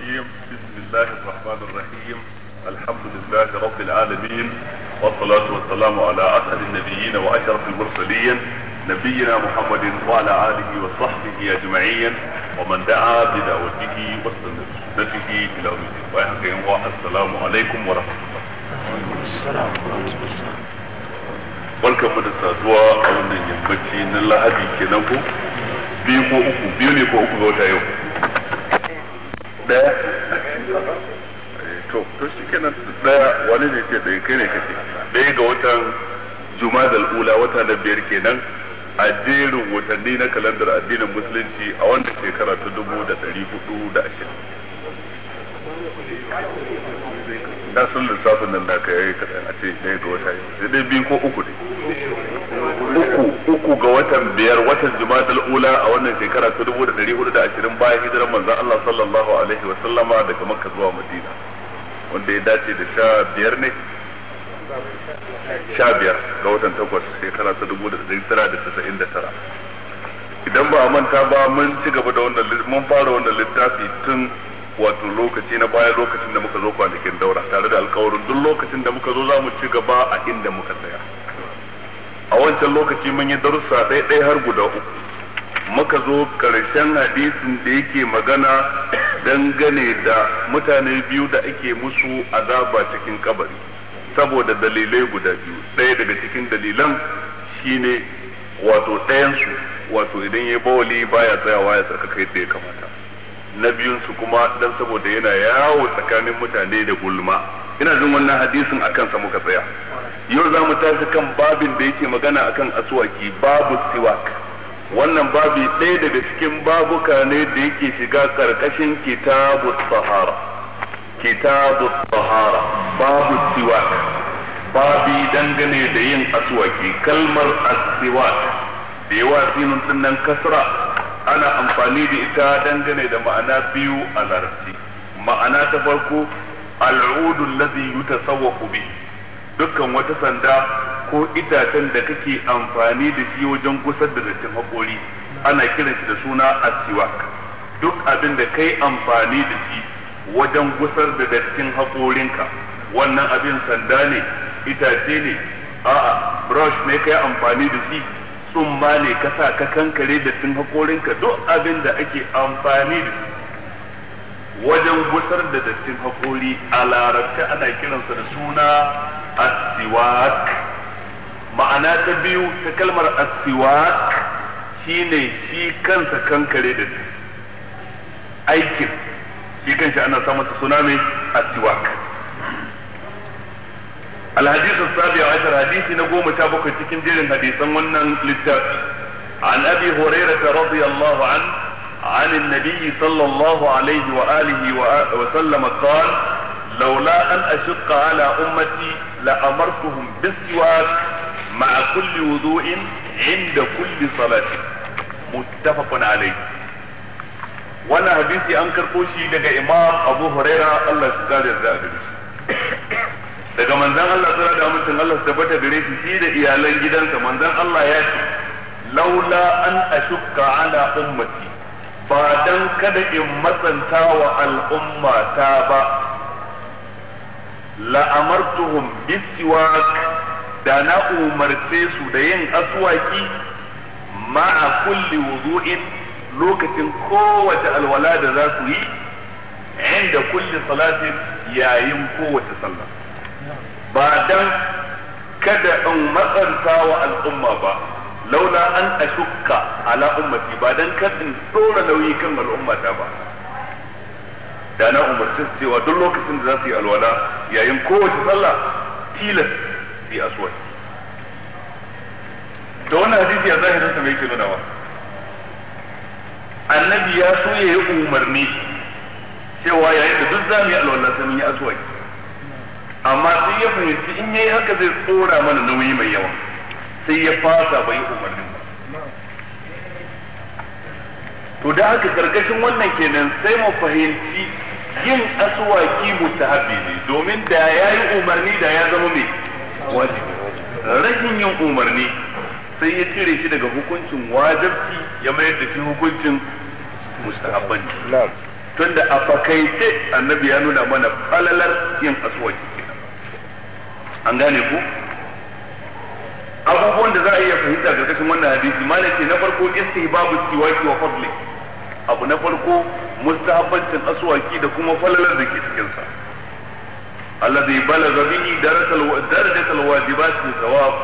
الرجيم بسم الله الرحمن الرحيم الحمد لله رب العالمين والصلاة والسلام على أسعد النبيين وأشرف المرسلين نبينا محمد وعلى آله وصحبه أجمعين ومن دعا بدعوته وسنة سنته إلى يوم الدين السلام عليكم ورحمة الله barkan mu da saduwa a wannan yammaci na lahadi kenan ko biyu ko uku biyu ne ko uku ga wata yau daya to to shi kenan daya wani ne ce daya kai ne kake daya ga watan jumadal ula wata na biyar kenan a jerin watanni na kalandar addinin musulunci a wannan shekara ta dubu da ɗari hudu da ashirin da sun lissafin nan da ka yayi kaɗan a ce ɗaya ga wata sai dai biyu ko uku ne uku uku ga watan biyar watan jumadal ula a wannan shekara ta dubu da ɗari hudu da ashirin bayan hijiran manzon Allah sallallahu alaihi wa sallama daga makka zuwa madina wanda ya dace da sha biyar ne sha biyar ga watan takwas shekara ta dubu da ɗari tara da casa'in da tara idan ba a manta ba mun ci gaba da wannan mun fara wannan littafi tun wato lokaci na baya lokacin da muka zo kwanakin daura tare da alkawarin duk lokacin da muka zo za mu ci gaba a inda muka tsaya a wancan lokaci mun yi darussa ɗaiɗai har guda uku muka zo ƙarshen hadisin da yake magana dangane da mutane biyu da ake musu azaba cikin kabari saboda dalilai guda biyu ɗaya daga cikin dalilan shine wato ɗayansu wato idan ya bawali baya tsayawa ya tsarkaka da ya kamata na biyun su kuma dan saboda yana yawo tsakanin mutane da gulma ina jin wannan hadisin akan sa muka tsaya yau za mu tashi kan babin da yake magana akan aswaki babu siwak wannan babi ɗaya daga cikin babuka ne da yake shiga karkashin kitabu sahara kitabu sahara babu siwak babi dangane da yin aswaki kalmar asiwak da yawa sinin nan kasra ana amfani da ita dangane da ma'ana biyu a larabci ma'ana ta farko al'udu allazi yutasawwaqu bi dukkan wata sanda ko itacen da kake amfani da shi wajen gusar da dattin haƙori ana kiran da suna asiwak duk abin da kai amfani da shi wajen gusar da dattin haƙorinka wannan abin sanda ne itace ne a'a brush ne kai amfani da shi tsumma ne ka sa ka kankare da tun haƙorinka duk abin da ake amfani da su wajen gusar da dattin haƙori a larabta ana kiransa da suna asiwak ma'ana ta biyu ta kalmar asiwak shine shi kansa kankare da aikin shi kanshi ana samun masa suna mai asiwak الحديث السابع عشر حديث نقوم شابك تكن جيرن حديثا ونن للتابع عن أبي هريرة رضي الله عنه عن النبي صلى الله عليه وآله وسلم قال لولا أن أشق على أمتي لأمرتهم بالسواك مع كل وضوء عند كل صلاة متفق عليه wannan hadisi an karɓo shi daga imam abu huraira Allah su kare da abin daga manzan Allah sura da amincin Allah su tabbata gare shi shi da iyalan gidansa manzon Allah ya ce laula an ashukka ala ummati ba dan kada in matsanta wa al'umma ta ba la amartuhum bisiwak da na umarce su da yin aswaki ma'a kulli wudu'in lokacin kowace alwala da za su yi inda kulli salatin yayin kowace sallah ba dan kada in matsanta wa al'umma ba laula an ashukka ala ummati ba dan kar in dora nauyi kan al'umma ta ba da na umarci cewa duk lokacin da za su yi alwala yayin kowace sallah tilas fi aswad da wannan hadisi a zahirin sa mai ke wa. annabi ya so ya yi umarni cewa yayin da duk za mu yi alwala sai mun yi aswaki amma sai ya fahimci in yayi haka zai tsora mana nauyi mai yawa sai ya fasa bai umarnin ba to da haka karkashin wannan kenan sai mu fahimci yin aswaki mutahabbi ne domin da yayi umarni da ya zama mai wajibi rashin yin umarni sai ya cire shi daga hukuncin wajibi ya mayar da shi hukuncin mustahabbanci tunda a fakaice annabi ya nuna mana falalar yin aswaki an gane ku abubuwan da za a iya fahimta ga cikin wannan hadisi malam ce na farko istihbabu siwaki wa fadli abu na farko mustahabbancin aswaki da kuma falalar da ke cikin sa alladhi balagha bihi darajatal darajatal wajibat thawab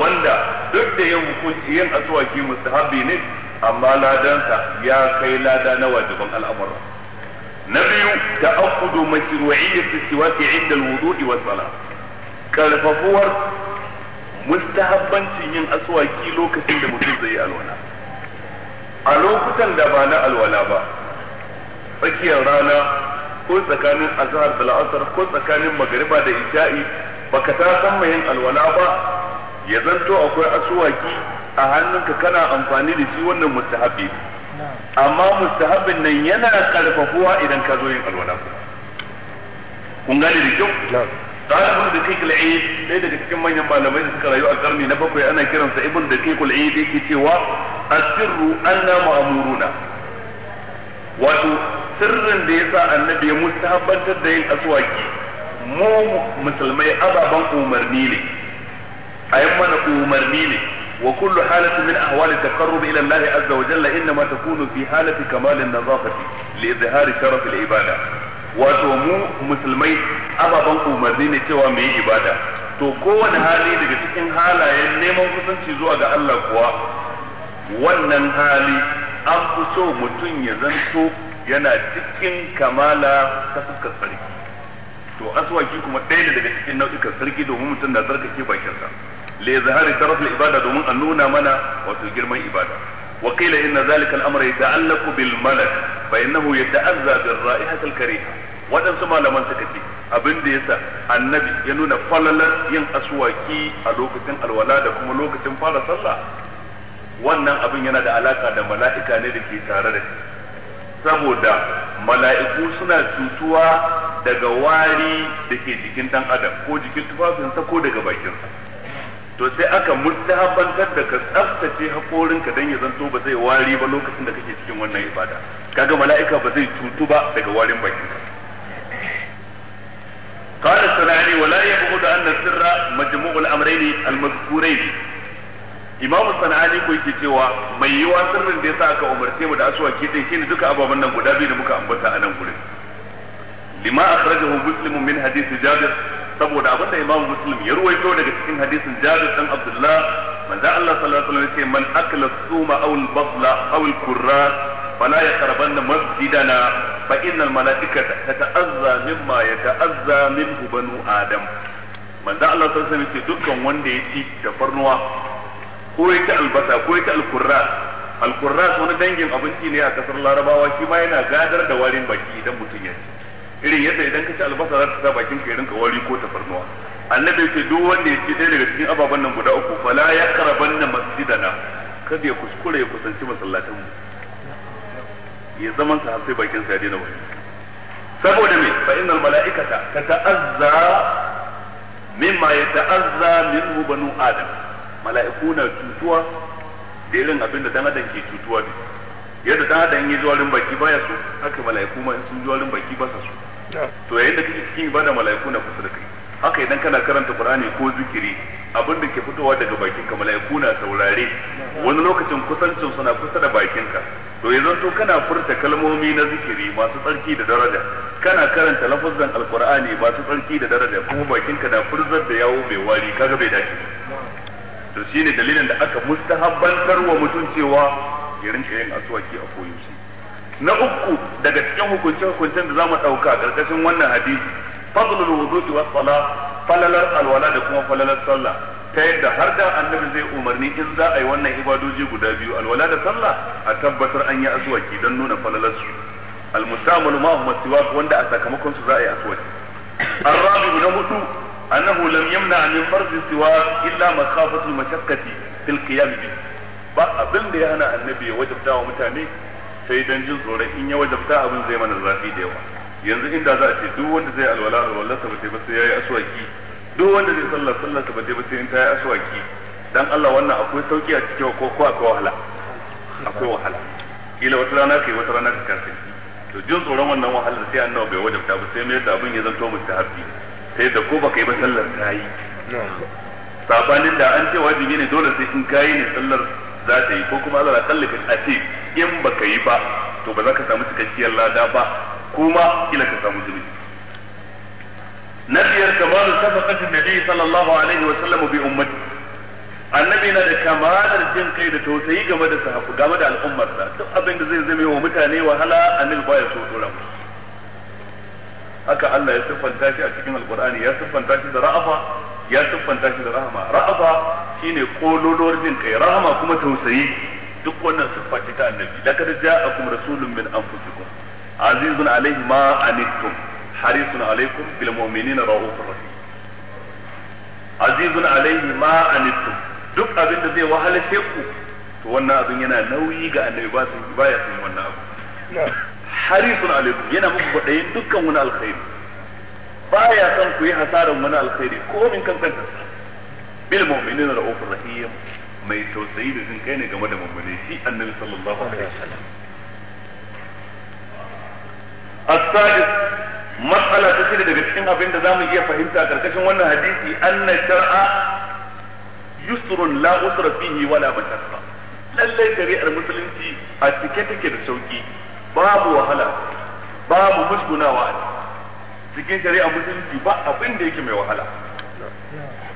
wanda duk da yin hukunci yin aswaki mustahabbi ne amma ladanta ya kai lada na wajiban al'amura na biyu ta'akudu mashru'iyyati siwaki inda al-wudu'i was salat karfafuwar mustahabbancin yin aswaki lokacin da mutum zai yi alwala a lokutan da ba na alwala ba tsakiyar rana ko tsakanin azhar da la'asar ko tsakanin magariba da isha'i baka ta san yin alwala ba ya zanto akwai aswaki a hannunka kana amfani da shi wannan mustahabbi amma mustahabbin nan yana karfafuwa idan ka zo yin alwala kun gane da kyau قال ابن دقيق ɗaya daga cikin manyan malamai da suka rayu a karni na bakwai ana kiransa ibn daqiq al-aid yake cewa asirru anna ma'muruna wato sirrin da ya yasa annabi ya mustahabbantar da yin aswaki mu musulmai ababan umarni ne ayan mana umarni ne wa kullu halatin min ahwali taqarrub ila Allah azza wa jalla inma takunu fi halati kamal an-nazafati li izhari sharaf al-ibada wato mu musulmai ababen umarni ne cewa mai yi ibada to kowane hali daga cikin halayen neman kusanci zuwa ga Allah kuwa wannan hali an fi so mutum ya zanto yana cikin kamala ta fuskar sarki to aswaki kuma ɗaya ne daga cikin nau'ikan sarki domin mutum na tsarkake bakinsa le zahari taraf ibada domin a nuna mana wato girman ibada wa qila inna zalika al-amra yata'allaqu bil malak fa innahu yata'azza bir ra'ihati al-kariha waɗansu malaman suka ce abin da yasa annabi ya nuna falalar yin aswaki a lokacin alwala da kuma lokacin fara sallah wannan abin yana da alaka da mala'ika ne da ke tare da shi saboda mala'iku suna cutuwa daga wari da ke jikin dan adam ko jikin tufafinsa ko daga bakinsa to sai aka mustahabbantar da ka tsaftace haƙorinka don ya zanto ba zai wari ba lokacin da kake cikin wannan ibada kaga mala'ika ba zai cutu ba daga warin bakinka قال السناني sirra يبعد أن ne مجموع الأمرين ne. imam sana'ani ko yake cewa mai yiwa sirrin da sa aka umarce mu da aswaki din shine duka ababen nan guda biyu da muka ambata a nan gurin lima akhrajahu muslim min hadith jabir saboda abin da imamu muslim ya ruwaito daga cikin hadisin jabir dan abdullah manzo Allah sallallahu alaihi wasallam man akala suma aw al basla aw al qurra fala yaqrabanna masjidana fa innal malaikata tata'azza mimma yata'azza minhu banu adam manzo Allah sallallahu alaihi wasallam dukkan wanda ya ci tafarnuwa ko ya albasa ko ya al qurra al qurra wani dangin abinci ne a kasar larabawa shi ma yana gadar da warin baki idan mutum ya ci irin yadda idan ka ci albasa za ta sa bakin ka ka wari ko tafarnuwa annabi ce duk wanda ya ci ɗaya daga cikin ababen nan guda uku fala ya karabanna masjidana kada ya kuskure ya kusanci masallatan mu ya zaman sa har sai bakin sa ya daina wani saboda me fa innal mala'ikata tata'azza mimma yata'azza minhu banu adam mala'iku na cutuwa da irin abinda dan adam ke cutuwa da yadda dan adam ya zuwa rin baki baya so haka mala'iku ma in sun zuwa rin baki ba sa so to yayin da kake cikin ibada mala'iku na kusa da kai haka idan kana karanta qur'ani ko zikiri abin da ke fitowa daga bakin ka mala'iku na saurare wani lokacin kusancin suna kusa da bakin ka to yanzu to kana furta kalmomi na zikiri masu tsarki da daraja kana karanta lafazan alqur'ani masu tsarki da daraja kuma bakin ka na furzar da yawo mai wari kaga bai dace to shine dalilin da aka mustahabbantar wa mutuncewa cewa ya rinka yin asuwaki a koyaushe na uku daga cikin hukuncin-hukuncin da zamu dauka karkashin wannan hadisi fadlul wudu'i was sala falalar alwala da kuma falalar sallah ta yadda har da annabi zai umarni in za a yi wannan ibadoji guda biyu alwala da sallah a tabbatar an yi aswaki don nuna falalar su almustamalu ma huma siwak wanda a sakamakon su za a yi aswaki arabi na hudu annahu lam yamna min farzi siwak illa makhafatu mashakkati fil qiyam bi ba abin da ya hana annabi ya wajabta wa mutane sai dan jin tsoron in ya wajabta abin zai mana zafi da yawa yanzu inda za a ce duk wanda zai alwala alwala ta bace ba sai yayi aswaki duk wanda zai sallah sallah ta bace ba sai in ta yi aswaki dan Allah wannan akwai sauki a cikin ko ko akwai wahala akwai wahala kila wata rana kai wata rana ka to jin tsoron wannan wahalar sai annabi bai wajabta ba sai mai da abin ya zanto sai da ko baka yi ba sallar ta yi sabanin da an ce wajibi ne dole sai in kayi ne sallar za ta yi ko kuma Allah ya kallaka a ce in baka yi ba to ba za ka samu cikakkiyar lada ba kuma kila ka samu zunubi na biyar kamalu safaqatin nabi sallallahu alaihi wa sallam bi ummati annabi na da kamalar jin kai da tausayi game da sahabu game da al'ummarsa duk abin da zai zame wa mutane wahala annabi baya so dora haka Allah ya siffanta shi a cikin alqur'ani ya siffanta shi da ra'afa ya siffanta shi da rahama ra'afa shine kololuwar jin kai rahama kuma tausayi duk wannan siffa ce ta annabi laqad ja'akum rasulun min anfusikum azizun alayhi ma anittum harisun alaykum bil mu'minina raufur rahim azizun alayhi ma anittum duk abin da zai wahalace ku to wannan abin yana nauyi ga annabi ba su baya sun wannan abu harisun alaikum yana muku kwaɗayin dukkan wani alkhairi baya son ku yi hasaran wani alkhairi ko min kan kanta bil mu'minin ra'ufur rahim mai tausayi da jin kai ne game da mummune shi annabi sallallahu alaihi wasallam as-sadis mas'ala ta shida daga cikin abin da zamu iya fahimta a karkashin wannan hadisi anna shar'a yusrun la usra fihi wala masharra lallai shari'ar musulunci a cike take da sauki babu wahala babu musgunawa cikin shari'ar musulunci ba abin da yake mai wahala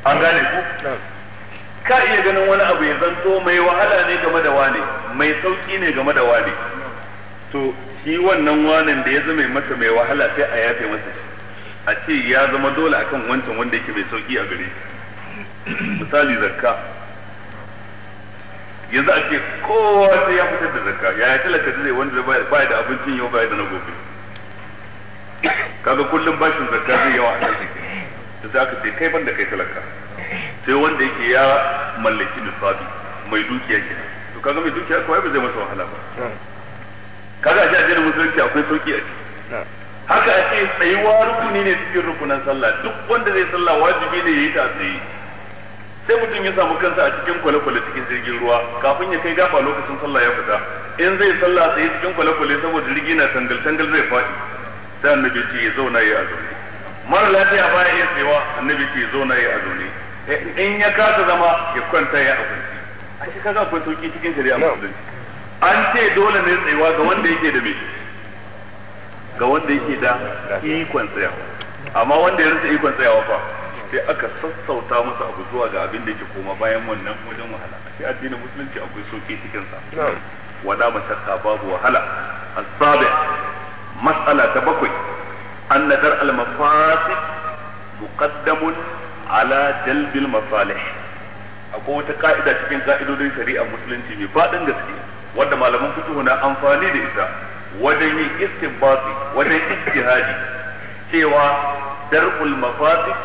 an gane ku ka iya ganin wani abu ya zanto mai wahala ne game da wane mai sauki ne game da wane to shi wannan wanan da ya zama masa mai wahala sai a yafe masa a ce ya zama dole akan wancan wanda yake mai sauki a gare misali zakka yanzu a ce kowa sai ya fitar da zakka yaya talaka zai wanda ba da abincin yau ba da na gobe kaga kullum bashin zakka zai yawa a kai da za ka ce kai da kai talaka sai wanda yake ya mallaki nisabi mai dukiya ke to kaga mai dukiya kawai ba zai masa wahala ba kaga a addinin musulunci akwai sauki a ciki haka a ce tsayuwa rukuni ne cikin rukunan sallah duk wanda zai sallah wajibi ne ya yi ta tsaye sai mutum ya samu kansa a cikin kwale-kwale cikin jirgin ruwa kafin ya kai gafa lokacin sallah ya fita in zai sallah tsaye cikin kwale-kwale saboda jirgi na tangal-tangal zai faɗi sai annabi ce ya zauna ya a zaune mara lafiya baya iya tsayuwa annabi ce ya zauna ya a zaune Eh, in ya kasa zama ya kwanta ya abinci a shi kasa akwai sauki cikin shari'a musulunci an ce dole ne tsayuwa ga wanda yake da me ga wanda yake da ikon tsayawa amma wanda ya rasa ikon tsayawa fa sai aka sassauta masa abu zuwa ga abin da yake koma bayan wannan wajen wahala sai addinin musulunci akwai sauki cikin sa wala mashakka babu wahala asabi mas'ala ta bakwai an nadar al-mafasid muqaddamun ala jalbil masalih akwai wata ka'ida cikin ka'idodin shari'a musulunci mai faɗin gaske wanda malaman fiqh na amfani da ita wajen yin istinbati wajen ijtihadi cewa dar'ul mafasid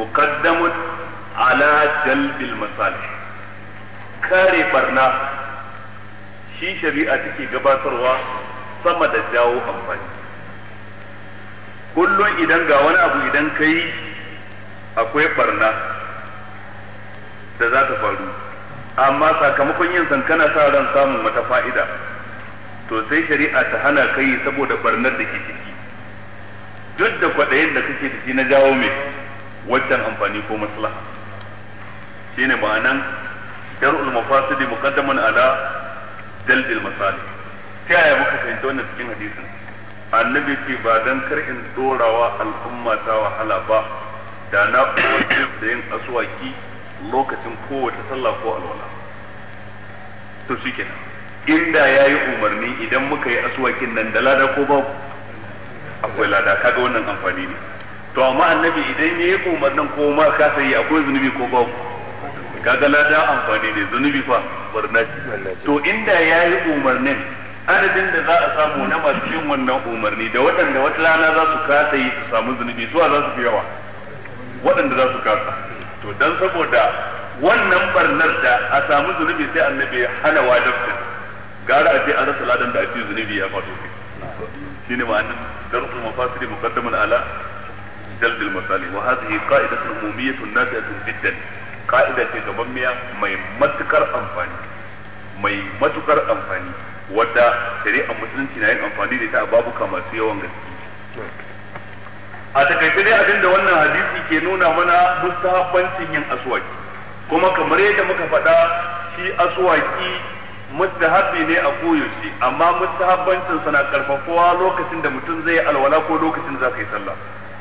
muqaddamun ala jalbil masalih kare barna shi shari'a take gabatarwa sama da jawo amfani kullum idan ga wani abu idan kai akwai barna da za ta faru amma sakamakon yin sankana sa ran samun wata fa'ida to sai shari'a ta hana kai saboda barnar da ke ciki duk da kwaɗayin da kake ciki na jawo mai waccan amfani ko maslaha ne ma'anan ulma fasidi, muqaddaman ala daldil masalih ta yaya muka fahimta wannan cikin hadisin annabi ce ba dan kar in dorawa al'umma ta wahala ba da na kowace da yin asuwaki lokacin kowace sallah ko alwala to shi kenan inda ya yi umarni idan muka yi asuwakin nan da lada ko babu akwai lada kaga wannan amfani ne to amma annabi idan ya yi umarnin ko ma ka sai akwai zunubi ko babu kaga lada amfani ne zunubi fa barna to inda ya yi umarnin adadin da za a samu na masu yin wannan umarni da waɗanda wata rana za su kasa yi su samu zunubi suwa za su fi yawa waɗanda za su kasa to dan saboda wannan barnar da a samu zunubi sai annabi ya hana wajen su gara a ce an rasa ladan da a ce zunubi ya fato shi shi ne ma'anin darsu mafasiri muqaddamun ala jaldi masali wa hadhihi qa'idatu al-umumiyyah jiddan qa'ida ce mai matukar amfani mai matukar amfani wadda a musulunci na yin amfani da ta babu kamar su yawan gaske a takaice dai abinda wannan hadisi ke nuna mana mustahabbancin yin aswaki kuma kamar yadda muka faɗa shi aswaki mustahabbi ne a koyaushe amma mustahabbancin sa na karfafuwa lokacin da mutum zai yi alwala ko lokacin za ka yi sallah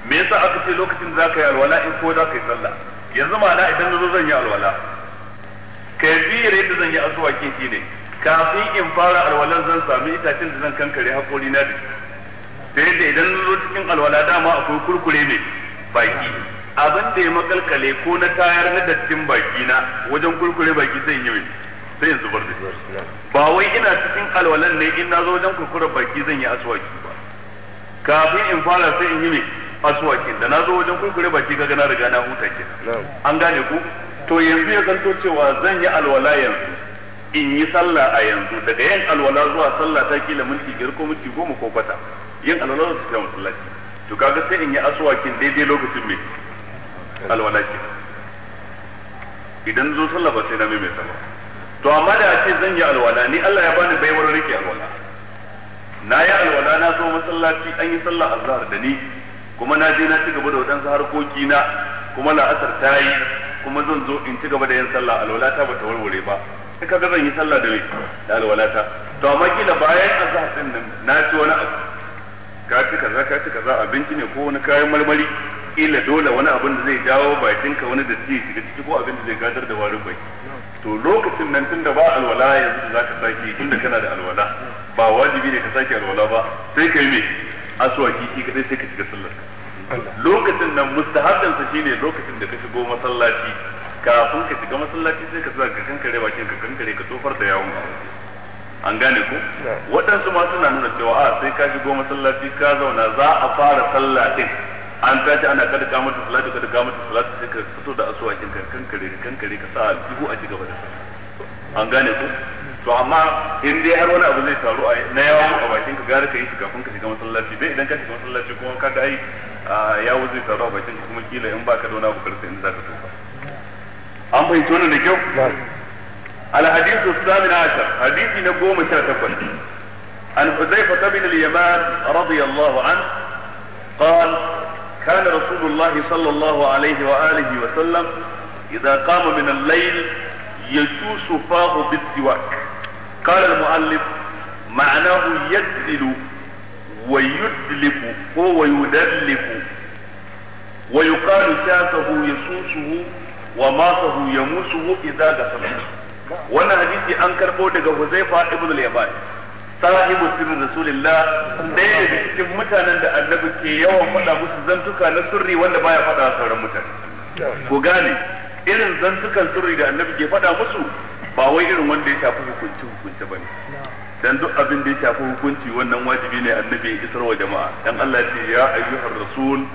me yasa aka ce lokacin za ka yi alwala in ko za ka yi sallah yanzu ma'ana idan na zo zan yi alwala kaifiyar yadda zan yi aswaki shine kafin in fara alwalan zan sami itacen da zan kankare haƙori na da shi da yadda idan na zo cikin alwala dama akwai kurkure mai baki abin da ya makalkale ko na tayar na dattin baki na wajen kurkure baki zan yi sai yanzu zubar da ba wai ina cikin alwalan ne in na zo wajen kurkure baki zan yi aswaki ba kafin in fara sai in yi mai aswakin da na zo wajen kurkure baki ga na riga na huta ke an gane ku to yanzu ya zanto cewa zan yi alwala yanzu in yi sallah a yanzu daga yin alwala zuwa sallah ta kila minti biyar ko minti goma ko kwata yin alwala za su tafi masallaci to kaga sai in yi asuwakin daidai lokacin mai alwala ke idan zo sallah ba sai na mai sama to amma da ce zan yi alwala ni Allah ya bani baiwar rike alwala na yi alwala na zo masallaci an yi sallah azhar da ni kuma na je na ci gaba da waɗansu harkoki na kuma la'asar ta yi kuma zan zo in ci gaba da yin sallah alwala ta bata warware ba sai kaga zan yi sallah da mai da alwala ta to amma kila bayan azhar din nan na ci wani abu ka ci kaza ka ci kaza abinci ne ko wani kayan marmari ila dole wani abin da zai jawo ka wani da zai shiga ciki ko abin da zai gadar da warin bai to lokacin nan tunda ba alwala yanzu za ka sake tunda kana da alwala ba wajibi ne ka saki alwala ba sai kai me aswaki ki kadai sai ka shiga sallar lokacin nan mustahabin sa shine lokacin da ka shigo masallaci kafin ka shiga masallaci sai ka sa kankare bakin ka kankare ka tofar da yawon ka an gane ku waɗansu ma suna nuna cewa a ah, sai ka shigo masallaci ka zauna za a fara sallah din an tashi ana kada ka mata salatu kada ka mata salatu sai ka fito da asuwakin ka kankare kankare ka sa dubu a cigaba da sallah an gane ku to amma in dai har wani abu zai taru a na yawo a bakin ka gara ka yi shi kafin ka shiga masallaci dai idan ka shiga masallaci kuma ka ga ai yawo zai taru a bakin ka kuma kila in baka da wani abu karsa in za ka tofa an fahimci wannan da kyau الحديث الثامن عشر حديث نقوم شاتكم عن حذيفة بن اليمان رضي الله عنه قال كان رسول الله صلى الله عليه وآله وسلم إذا قام من الليل يجوس فاه بالسواك قال المؤلف معناه يدلل ويدلف هو يدلف ويقال شاته يسوسه وماته يموسه إذا دخل wannan hadisi an karbo daga Huzaifa ibn al-Yaman sahibu sirri rasulillah ɗaya daga cikin mutanen da annabi ke yawan faɗa musu zantuka na sirri wanda baya faɗa sauran mutane ku gane irin zantukan sirri da annabi ke faɗa musu ba wai irin wanda ya shafi hukunci hukunci bane dan duk abin da ya shafi hukunci wannan wajibi ne annabi ya isarwa jama'a dan Allah ya ce ya ayyuhar rasul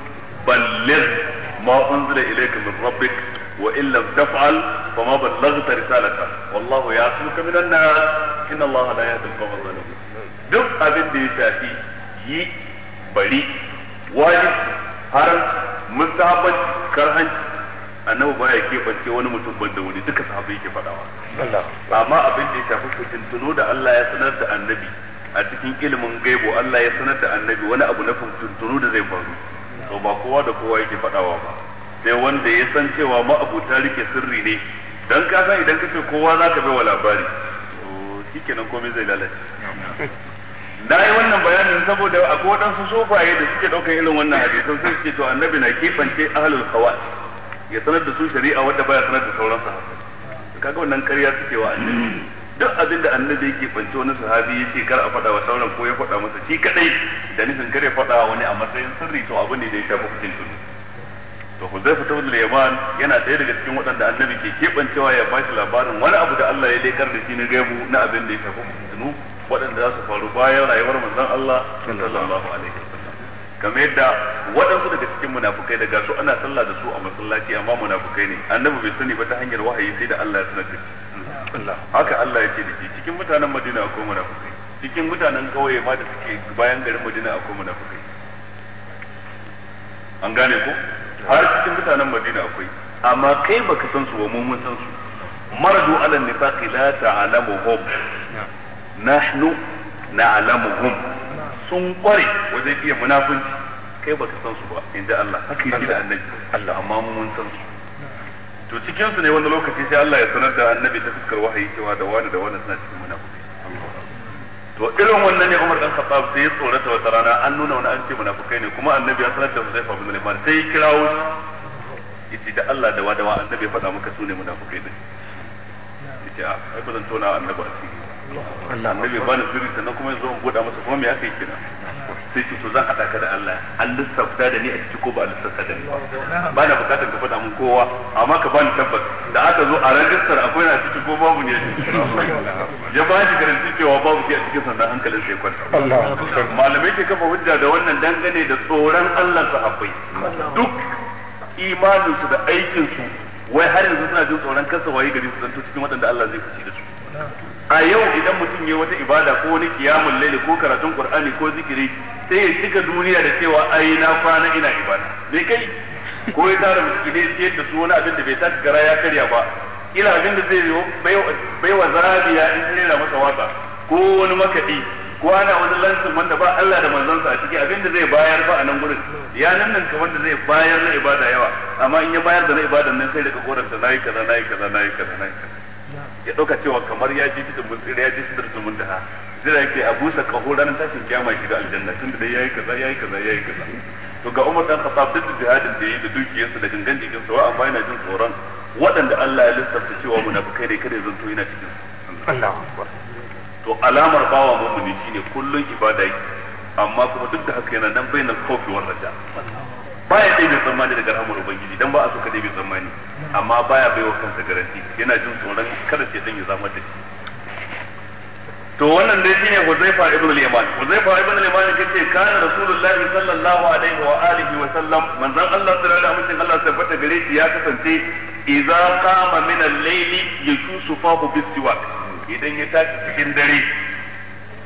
بلغ ما unzila ilayka من ربك wa لم تفعل فما fama ballaghta والله wallahu من minan nas الله لا يهدي القوم الظالمين duk abin da ya shafi yi bari wajib haram mustahabban karhanci annabi baya keɓance wani mutum banda wani duka sahabbai ke faɗawa amma abin da ya shafi fitintuno da Allah ya sanar da annabi a cikin ilimin gaibo Allah ya sanar da annabi wani abu na fitintuno da zai faru to ba kowa da kowa yake faɗawa ba sai wanda ya san cewa ma'abuta rike sirri ne dan ka san idan kace kowa za ka baiwa labari to shikenan komai zai lalace na yi wannan bayanin saboda akwai waɗansu sofaye da suke ɗaukar irin wannan hadisan sai suke to annabi na kifance ahlul khawas ya sanar da su shari'a wadda baya sanar da sauran sahabbai kaga wannan ƙarya suke wa annabi duk abin da annabi yake bance wani sahabi ce kar a faɗa wa sauran ko ya faɗa masa shi kadai da nufin kare faɗa wa wani a matsayin sirri to abu ne da ya shafi kucin tuni to Huzaifa da Yaman yana ɗaya daga cikin waɗanda annabi ke kebancewa ya bashi labarin wani abu da Allah ya lekar da shi na gaibu na abin da ya shafi kucin tuni waɗanda za su faru bayan rayuwar manzon Allah sallallahu alaihi kamar yadda waɗansu daga cikin munafukai daga su ana sallah da su a masallaci amma munafukai ne annabi bai sani ba ta hanyar wahayi sai da Allah ya sanar da shi haka Allah ya ce da shi cikin mutanen Madina akwai munafukai cikin mutanen kauye ma da suke bayan garin Madina akwai munafukai an gane ko har cikin mutanen Madina akwai amma kai baka san su wa mu mun san su maradu ala nifaqi la ta'lamuhum nahnu na'lamuhum sun kware wajen iya munafunci kai baka san su ba inda Allah haka yake da annabi Allah amma mun san su to cikin su ne wani lokaci sai Allah ya sanar da annabi ta fuskar wahayi cewa da wani da wani suna cikin munafiki to irin wannan ne Umar dan Khattab sai ya ta wata rana an nuna wani an ce munafikai ne kuma annabi ya sanar da Huzaifa bin Liman sai kirawo yace da Allah da wadawa annabi ya faɗa maka su ne munafikai ne yace a ai bazan tona annabi asiri Allah annabi ba ni sirri sannan kuma yanzu in goda masa kuma me yake kina sai ce to zan haɗa ka da Allah an lissafta da ni a ciki ko ba a lissafta da ni ba na bukatar ka faɗa mun kowa amma ka bani tabbas da aka zo a rajistar akwai na ciki ko babu ne a ciki ya ba shi garanti cewa babu ke a cikin sannan hankalin sai kwanta malamai ke kafa hujja da wannan dangane da tsoron Allah su sahabbai duk imaninsu da aikinsu wai har yanzu suna jin tsoron kansa waye gari su zanto cikin waɗanda Allah zai fushi da su a yau idan mutum ya wata ibada ko wani kiyamun laili ko karatun qur'ani ko zikiri sai ya cika duniya da cewa ai na kwana ina ibada me kai ko ya tara miskinai sai da su wani abin da bai taka gara ya karya ba ila abin da zai bai wa zariya in rera masa waka ko wani makaɗi ko ana wani lansin wanda ba Allah da manzansa a ciki abin da zai bayar ba a nan gurin ya nan kamar da zai bayar na ibada yawa amma in ya bayar da na ibadan nan sai daga koranta nayi kaza nayi kaza nayi kaza nayi kaza ya dauka cewa kamar ya ji fitin mun tsira ya ji fitin mun da sai yake a busa kaho ranar tashin kiyama shiga aljanna tun dai yayi kaza yayi kaza yayi kaza to ga Umar dan Khattab duk jihadin da yayi da dukiyarsa da gangan jikin sa amma yana jin tsoron waɗanda Allah ya lissafta cewa munafikai ne kada ya zanto yana cikin su Allahu akbar to alamar bawa mu'mini shine kullun ibada yake amma kuma duk da haka yana nan bainal kofi war raja baya dai bai tsammani daga rahmar ubangiji dan ba a so kada bai tsammani amma baya baiwa kansa garanti yana jin tsoron kada sai dan ya zama da shi to wannan dai shine Huzaifa ibn al yamani Huzaifa ibn al yamani kace kana Rasulullahi sallallahu alaihi wa alihi wa sallam manzon Allah sallallahu alaihi wa sallam Allah tabbata gare shi ya kasance idza qama min al-layli yusufu fahu bis-siwak idan ya tashi cikin dare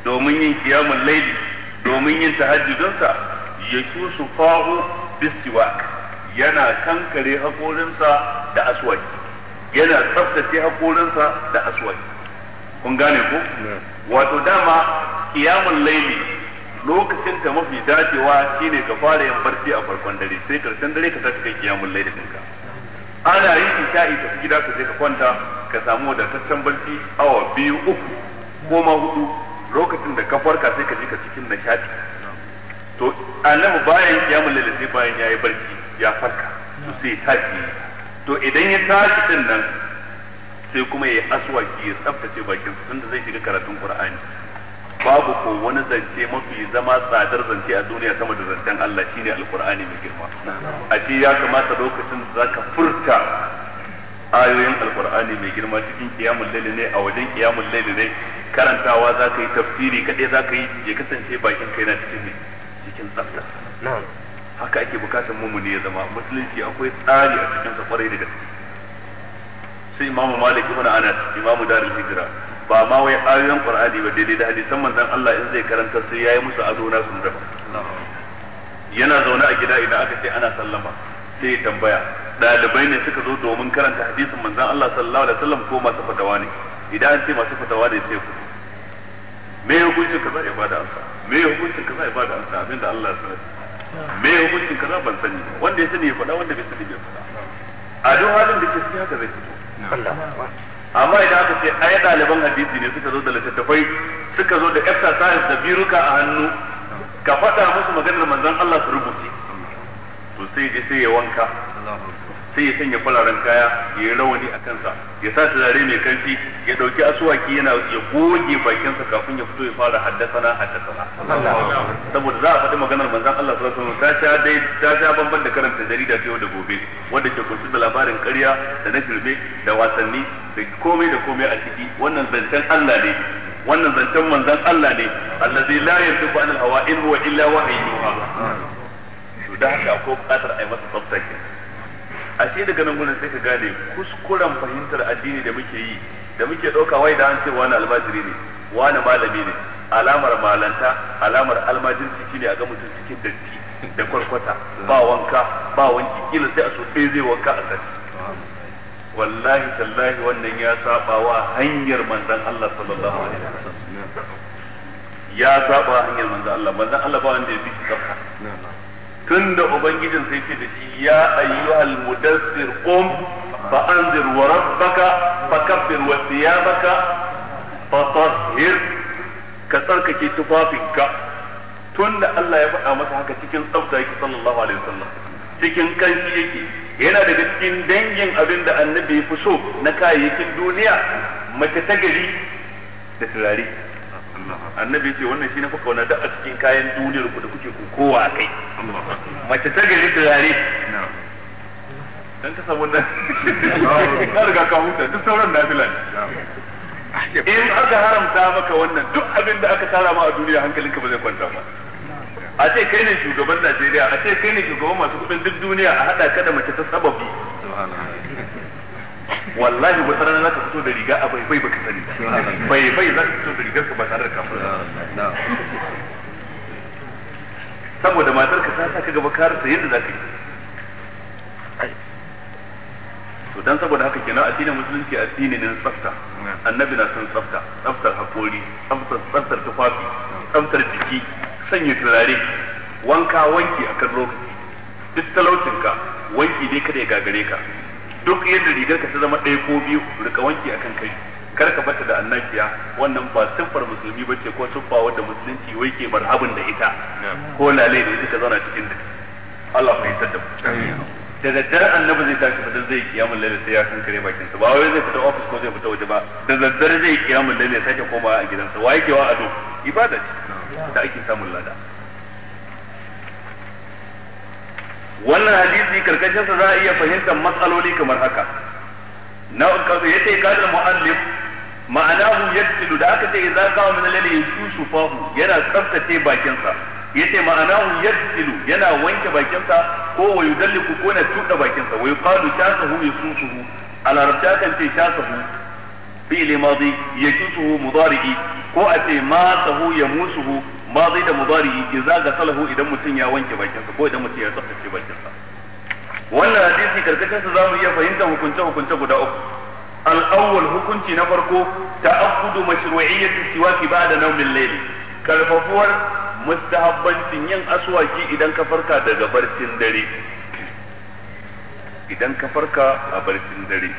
domin yin qiyamul layli domin yin tahajjudin sa yusufu fahu bis-siwak yana kankare hakorinsa da aswaki yana tsaftace hakorinsa da aswaki kun gane ko wato dama kiyamun laili lokacin ta mafi dacewa shine ka fara yin barci a farkon dare sai karshen dare ka tafi kai kiyamun layli ana yin isha'i ka fi gida ka je ka kwanta ka samu wadataccen barci awa biyu uku ko ma hudu lokacin da ka farka sai ka ji ka cikin nishadi to annabi bayan kiyamun laili sai bayan yayi barci ya farka to sai tashi to idan ya tashi din nan sai kuma ya yi aswaki ya tsaftace bakin tunda zai shiga karatun qur'ani babu ko wani zance mafi zama tsadar zance a duniya sama da zancen Allah shine alqur'ani mai girma a ce ya kamata lokacin da zaka furta ayoyin alqur'ani mai girma cikin qiyamul layl ne a wajen qiyamul layl ne karantawa zaka yi tafsiri kade zaka yi ya kasance bakin kai na cikin cikin tsafta na'am haka ake bukatar mumuni ya zama musulunci akwai tsari a cikin sa kwarai da gaske sai imamu malik ibn anas imamu darul hijra ba ma wai ayoyin qur'ani ba daidai da hadisan manzon Allah in zai karanta sai yayi musu ado na sun da yana zaune a gida idan aka ce ana sallama sai tambaya dalibai ne suka zo domin karanta hadisin manzon Allah sallallahu alaihi wasallam ko masu fatawa ne idan an ce masu fatawa ne sai ku me hukuncin kaza ya bada ansa me hukuncin kaza ya bada ansa abinda Allah ya sanar me hukuncin kaza ban sani wanda ya sani ya faɗa wanda bai sani bai faɗa a duk halin da ke cikin haka zai fito amma idan aka ce ai ɗaliban hadisi ne suka zo da littattafai suka zo da exercise da biruka a hannu ka faɗa musu maganar manzon Allah su rubuce to sai je sai ya wanka sai ya sanya fararen kaya ya yi rawani a kansa ya sa turare mai kanti ya ɗauki asuwaki yana ya goge bakinsa kafin ya fito ya fara haddasana haddasana saboda za a faɗi maganar manzon Allah sallallahu alaihi wasallam ta sha dai ta sha banban da karanta jarida ta yau da gobe wanda ke kunshi da labarin ƙarya da na girbe da wasanni da komai da komai a ciki wannan zancen Allah ne wannan zancen manzon Allah ne allazi la yantiqu anil hawa in huwa illa wahyu to da haka ko buƙatar a yi masa tsafta a ce daga nan gudun sai ka gane kuskuren fahimtar addini da muke yi da muke ɗauka wai da an ce wani almajiri ne wani malami ne alamar malanta alamar almajirci shine a ga mutum cikin datti da kwarkwata ba wanka ba wanki kila sai a so ɗaya zai wanka a sati wallahi tallahi wannan ya saba wa hanyar manzon Allah sallallahu alaihi wasallam ya saba hanyar manzon Allah manzon Allah ba wanda ya bi shi kafa tunda ubangijin sai ce da shi ya ayyuhal mudassir qum fa anzir wa rabbaka fakabbir wa thiyabaka fa tahhir ka tsarkake tufafinka tunda Allah ya faɗa masa haka cikin tsafta yake sallallahu alaihi wasallam cikin kanshi yake yana daga cikin dangin abin da annabi ya fi so na kayayyakin duniya mace ta gari da turare annabi ce wannan shi na fi kauna da a cikin kayan duniyar ku da kuke kowa a kai mace ta gari turare dan ta samu nan ka riga ka huta duk sauran na filan in aka haramta maka wannan duk abin da aka tara ma a duniya hankalinka ba zai kwanta ba a ce kai ne shugaban Najeriya a ce kai ne shugaban masu kudin duk duniya a hada ka da mace ta sababi wallahi wata rana za ka fito da riga a bai bai baka sani bai bai za ka fito da rigar ka ba tare da kafa saboda matar ka ta sa ka gaba karar rasa yadda za ka yi to dan saboda haka kenan addinin musulunci addini ne tsafta annabi na son tsafta tsaftar hakori tsaftar tsaftar tufafi tsaftar jiki sanya turare wanka wanki akan lokaci duk talaucinka wanki dai kada ya gagare ka duk yadda rigar ka ta zama ɗaya ko biyu rika wanki akan kai kar ka bata da annabiya wannan ba siffar musulmi ba ce ko siffa wadda musulunci wai ke marhabin da ita ko lalai da ita ka zauna cikin da Allah fahimtar da da daddare annabi zai tashi fitar zai kiyamun lalle sai ya san kare bakin sa ba wai zai fita ofis ko zai fita waje ba da daddare zai kiyamun lalle sake komawa a gidansa wa ke wa ado ibada ce da ake samun lada wannan hadisi karkashin sa za a iya fahimtar matsaloli kamar haka na yace kadar muallif ma'anahu yaktilu da aka ce idza qama min al-layli yusufahu yana tsaftace bakinsa yace ma'anahu yaktilu yana wanke bakinsa ko wa yudalliku ko na tuda bakinsa wa yuqalu shasahu yusufuhu a larabta kan ce shasahu fi'li madi yasusuhu mudari'i ko a ce ma sahu yamusuhu mazi da mudari idza ga salahu idan mutum ya wanke bakinsa ko idan mutum ya tsaftace bakinsa wannan hadisi karkashin sa zamu iya fahimtar hukunce hukunce guda uku al-awwal hukunci na farko ta'akkudu mashru'iyyati siwaki ba'da nawmin layl karfafuwar mustahabbancin yin aswaki idan ka farka daga barcin dare idan ka farka a barcin dare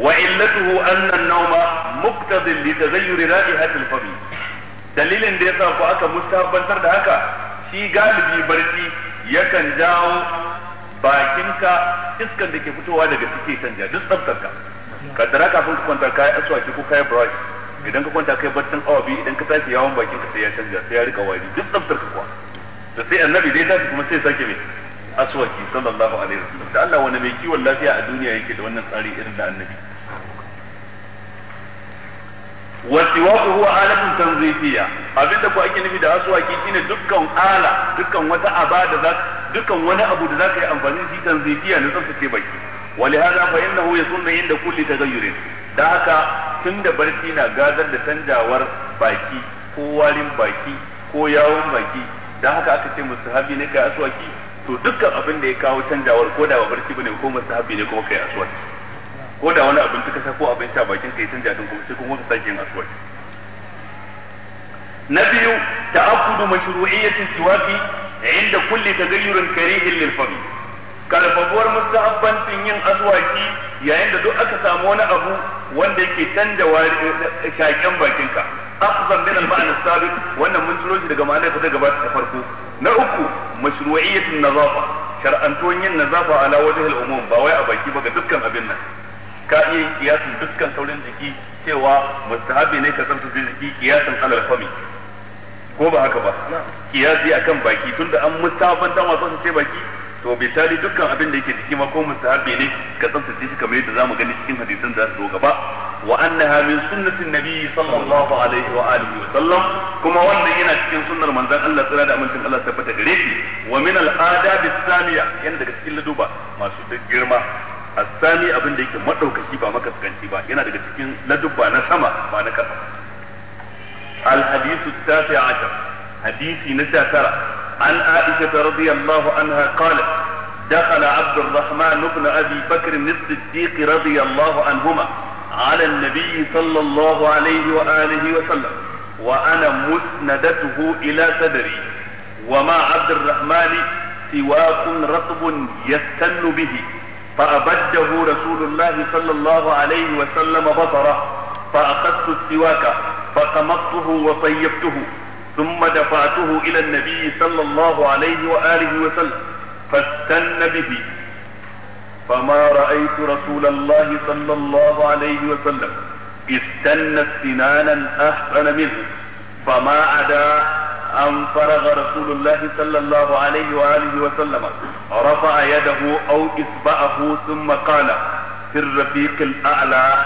wa illatuhu anna an-nawma muqtadin li tazayyuri ra'ihatil fami dalilin da ya sa ku aka mustahabbantar da haka shi galibi barci yakan jawo bakinka iskan da ke fitowa daga cikin canja duk Ka kaddara kafin ka kwanta kayi aswaki ko yi brush idan ka kwanta kai barcin awa biyu idan ka tashi yawon bakinka sai ya canja sai ya rika wari duk ka kuwa da sai annabi dai tashi kuma sai sake mai aswaki sallallahu alaihi wasallam da Allah wani mai kiwon lafiya a duniya yake da wannan tsari irin da annabi wasiwaku huwa alatun tanzifiya abinda ku ake nufi da aswaki shine dukkan ala dukkan wata aba da dukkan wani abu da zaka yi amfani da shi tanzifiya ne fice baki fa innahu yasunna inda kulli تغير da haka tunda barci na gazar da canjawar baki ko warin baki ko yawon baki da haka aka ce musahabi ne kai aswaki to dukkan abin da ya kawo canjawar ko da ba barci bane ko musahabi ne kuma kai aswaki ko da wani abinci ka sha ko abin sha bakin ka yi canja din kuma sai kuma ka sake yin aswaki na biyu ta ta'akkudu mashru'iyyatin siwaki inda kulli tagayyurin karihin lil fami karfafuwar musta'abbancin yin aswaki yayin da duk aka samu wani abu wanda yake canja eh, shaƙen bakinka akhzan min al-ma'an as-sabiq wannan mun ciro shi daga ma'anar da gabata ta farko na uku mashru'iyyatun nazafa shar'antuwan yin nazafa ala wajhil umum ba wai a baki ba ga dukkan abin nan ka iya yin kiyasin dukkan saurin jiki cewa mustahabi ne ka tsarsu jiki kiyasin alal fami ko ba haka ba kiyasi akan baki tunda an mustahaban dan wasu ce baki to bisali dukkan abin da yake jiki ma ko mustahabi ne ka tsarsu shi kamar yadda zamu gani cikin hadisan da su gaba wa annaha min sunnatin nabi sallallahu alaihi wa alihi wa sallam kuma wannan yana cikin sunnar manzon Allah tsira da amincin Allah tabbata gare shi wa min al-adab as-samiya yana daga cikin laduba masu girma asami abin da yake madaukaki ba makaskanci ba yana daga cikin ladubba na sama ba na kasa al hadithu tafi ashar hadisi na sha tara an aisha radiyallahu anha qalat دخل عبد الرحمن بن ابي بكر الصديق رضي الله عنهما على النبي صلى الله عليه واله وسلم وانا مسندته الى صدري وما عبد الرحمن سواك رطب يستن bihi. فأبده رسول الله صلى الله عليه وسلم بصره فأخذت السواك فقمصته وطيبته ثم دفعته إلى النبي صلى الله عليه وآله وسلم فاستن به فما رأيت رسول الله صلى الله عليه وسلم استن استنانا أحسن منه فما عدا أن فرغ رسول الله صلى الله عليه وآله وسلم رفع يده أو إصبعه ثم قال في الرفيق الأعلى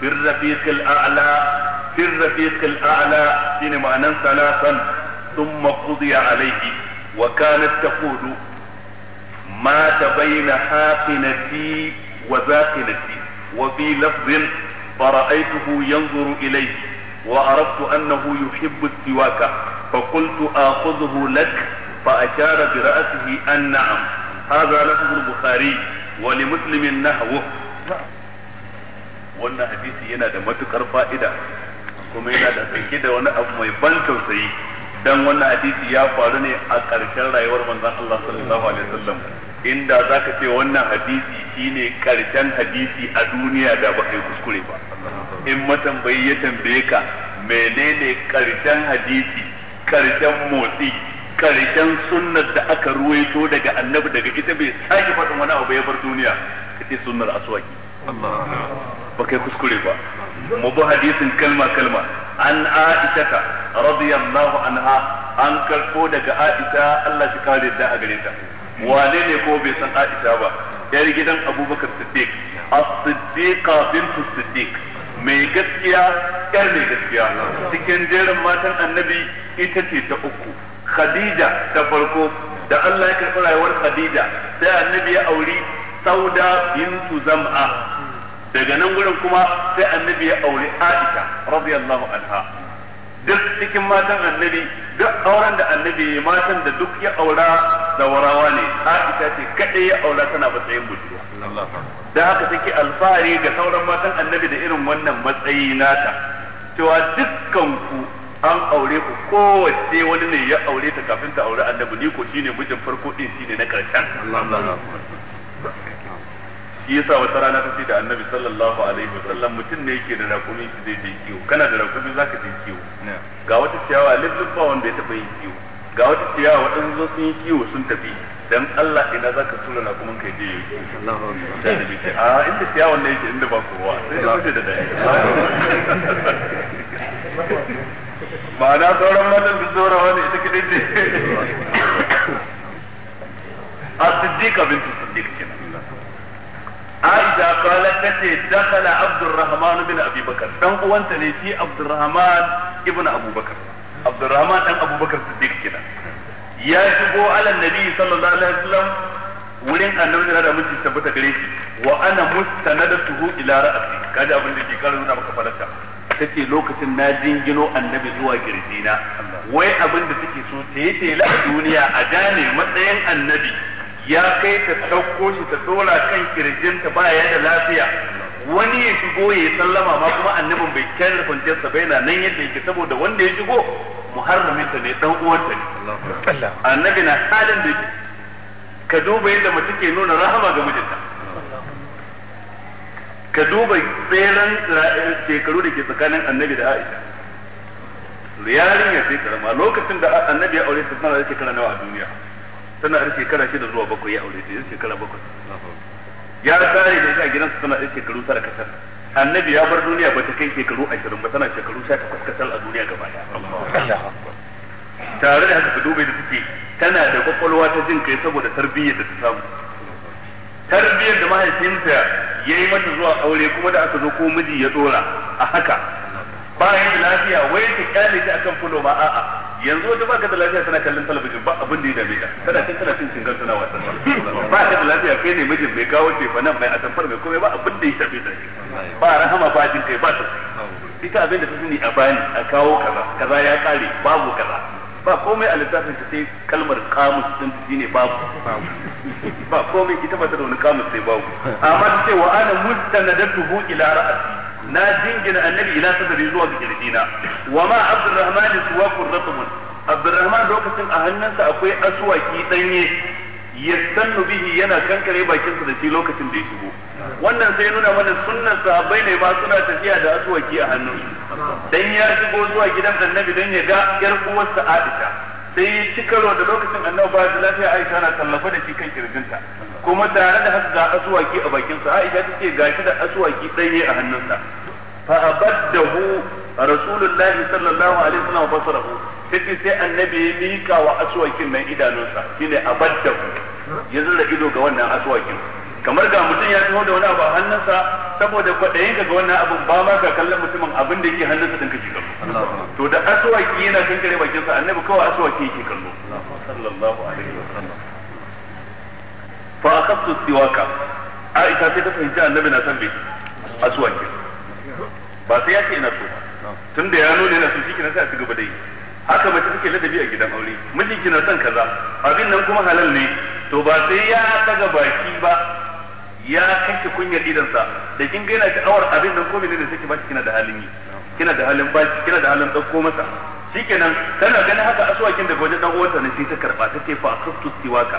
في الرفيق الأعلى في الرفيق الأعلى سينما معنى ثلاثا ثم قضي عليه وكانت تقول مات بين حاقنتي وذاقنتي وفي لفظ فرأيته ينظر إليه وعرفت أنه يحب السواك فقلت آخذه لك فأشار برأسه أن نعم هذا لفظ البخاري ولمسلم نهوه wannan hadisi yana da matukar fa'ida kuma yana da sauke da wani abu mai ban tausayi dan wannan hadisi ya faru ne a ƙarshen rayuwar manzon Allah sallallahu alaihi wasallam inda za ka ce wannan hadisi shine karshen hadisi a duniya da ba kai kuskure ba in matambayi ya tambaye ka menene karshen hadisi karshen motsi karshen sunnar da aka ruwaito daga annabi daga ita bai sake faɗin wani abu ya bar duniya ka ce sunnar aswaki ba kai kuskure ba mu bi hadisin kalma kalma an aisha radiyallahu anha an karfo daga aisha Allah shi kare da a gare ta wane ne ko bai san Aisha ba yar gidan Abubakar Siddiq as-siddiqa bintu Siddiq mai gaskiya yar mai gaskiya cikin jerin matan annabi ita ce ta uku Khadija ta farko da Allah ya karɓi rayuwar Khadija sai annabi ya auri Sauda bintu Zam'a daga nan gurin kuma sai annabi ya auri Aisha radiyallahu anha duk cikin matan annabi duk auren da annabi matan da duk ya aura zawarawa ne Aisha ce kaɗai ya aura tana matsayin budurwa da haka take alfahari ga sauran matan annabi da irin wannan matsayi nata cewa dukkan an aure ku kowace wani ne ya aure ta kafin ta aure annabi ni ko shine mijin farko din shine na karshen shi yasa wata rana ta ce da annabi sallallahu alaihi wasallam mutum ne yake da rakumi shi zai je kiwo kana da rakumi zaka je kiwo ga wata ciyawa lillin ba wanda ya taba yin kiwo ga wata ciyawa waɗansu zo sun yi kiwo sun tafi dan Allah ina zaka tura na kuma kai je yi kiwo a ah, inda ciyawa ne yake inda ba kowa sai da kuje da dai ma'ana sauran matan da zora wani ita kidin ne a siddiqa bintu siddiq kenan Aisha qalat tace dakala Abdurrahman bin Abi Bakar dan uwanta ne shi Abdurrahman ibn Abubakar. Bakar Abdurrahman dan Abu Bakar Siddiq kenan ya shigo ala Nabi sallallahu alaihi wasallam wurin annabi da da miji tabbata gare shi wa ana mustanadatuhu ila ra'si kaji abin da ke karin da maka falaka tace lokacin na jingino annabi zuwa kirjina wai abin da take so ta yi la. duniya a gane matsayin annabi ya kai ta ɗauko shi ta ɗora kan kirjinta ba ya da lafiya wani ya shigo ya yi sallama ma kuma annabin bai kyan da kwanciyarsa bai na nan yadda yake saboda wanda ya shigo muharraminta ne dan uwanta ne annabi na halin da yake ka duba yadda mace ke nuna rahama ga mijinta ka duba tseren shekaru da ke tsakanin annabi da aisha yarinya sai karama lokacin da annabi ya aure ta tsara da shekara nawa a duniya tana yar shekara shida zuwa bakwai ya aure ta yar shekara bakwai ya kare da ita a gidansa tana yar shekaru tara kasar annabi ya bar duniya ba ta kai shekaru ashirin ba tana shekaru sha takwas kasar a duniya gaba daya tare da haka dubai da take tana da kwakwalwa ta jin kai saboda tarbiyyar da ta samu tarbiyyar da mahaifinta ya yi mata zuwa aure kuma da aka zo ko miji ya dora a haka Ba bayan da lafiya wai ta kyale ta akan fulo ba a'a yanzu wata baka da lafiya tana kallon talabijin ba abin da ya dame ta tana cin tana cin shingar tana wasan ba ka da lafiya kai ne mijin mai kawo ce nan mai atamfar mai komai ba abin da ya dame ta ba rahama ba jin kai ba ta ita abin da ta sani a bani a kawo kaza kaza ya kare babu kaza ba komai a littafin ta sai kalmar kamus din shi ne babu ba komai ita ba ta da wani kamus sai babu amma ta ce wa ana mustanadatuhu ila ra'asi na jingina annabi ila sadari zuwa ga kirjina wa ma abdurrahman suwaqur ratbun abdurrahman lokacin a hannunsa akwai aswaki danye yastannu bihi yana kankare bakinsa da shi lokacin da ya shigo wannan sai nuna mana sunnan sahabbai ne ba suna tafiya da aswaki a hannunsu dan ya shigo zuwa gidan annabi dan ya ga yar uwarsa Aisha sai cikaro karo da lokacin annabi ba da lafiya Aisha na tallafa da shi kan kirjinta kuma tare da haka ga asuwaki a bakinsa Aisha ta ce gashi da asuwaki ɗanye a hannunsa fa abaddahu rasulullahi sallallahu alaihi wasallam basarahu tace sai annabi ya mika wa asuwakin nan idanunsa shine abaddahu ya zura ido ga wannan asuwakin kamar ga mutum ya taho da wani abu a hannunsa saboda kwaɗayin ka ga wannan abin ba ma ka kallon mutumin abin da yake hannunsa ka kake kallo to da asuwaki yana kankare bakin sa annabi kawai asuwaki yake kallo sallallahu alaihi wasallam fa akhadtu siwaka aisha sai ta fahimci annabi na san bai asuwaki ba sai ya ce ina so tunda ya nuna yana so shi sai a ci gaba da yi haka mace take ladabi a gidan aure mijinki na son kaza abin nan kuma halal ne to ba sai ya daga baki ba ya kanke kunyar idansa da kin ga yana sha'awar abin nan ko ne sai ki ba shi kina da halin yi kina da halin ba kina da halin dauko masa shikenan kana ganin haka aswakin daga wajen dan uwanta ne sai ta karba ta ce fa akhtu siwaka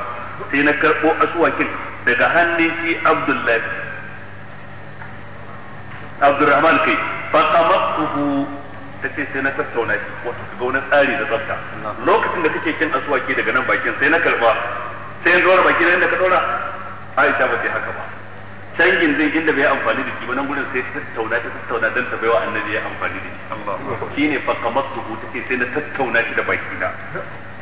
sai na karbo aswakin daga hannun shi Abdullahi Abdurrahman kai fa qamattuhu ce sai na tattauna shi wato ga wani tsari da tsafta lokacin da kake kin aswaki daga nan bakin sai na karba sai na dora bakin da ka dora Aisha ba ta haka ba canjin zai inda bai amfani da shi ba nan gurin sai tattauna ta tattauna dan ta baiwa annabi ya amfani da shi shine fa tuhu take sai na tattauna shi da baki na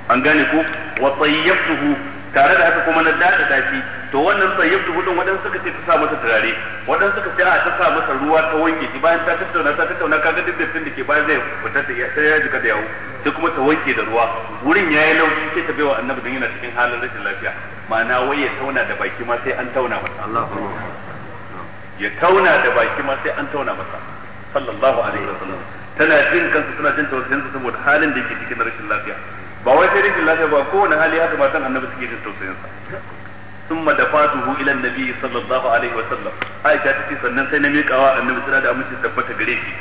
an gane ko wa tayyabtuhu tare da haka kuma na dada shi to wannan sai yabdu hudun waɗansu suka ce ta sa masa turare waɗansu suka ce a ta sa masa ruwa ta wanke shi bayan ta tattauna ta tattauna kaga duk dattin da ke bayan zai wata da sai ya jika da yawo sai kuma ta wanke da ruwa wurin yayi laushi sai ta baiwa annabi dan yana cikin halin rashin lafiya ma'ana wai ya tauna da baki ma sai an tauna masa Allahu ya tauna da baki ma sai an tauna masa sallallahu alaihi wasallam tana jin kansa tana jin tausayin saboda halin da yake cikin rashin lafiya ba wai sai rikin lafiya ba kowane hali haka san annabi suke jin tausayin sa thumma dafatuhu ila nabi sallallahu alaihi wa sallam aisha ce sannan sai na miƙawa annabi suna da aminci tabbata gare shi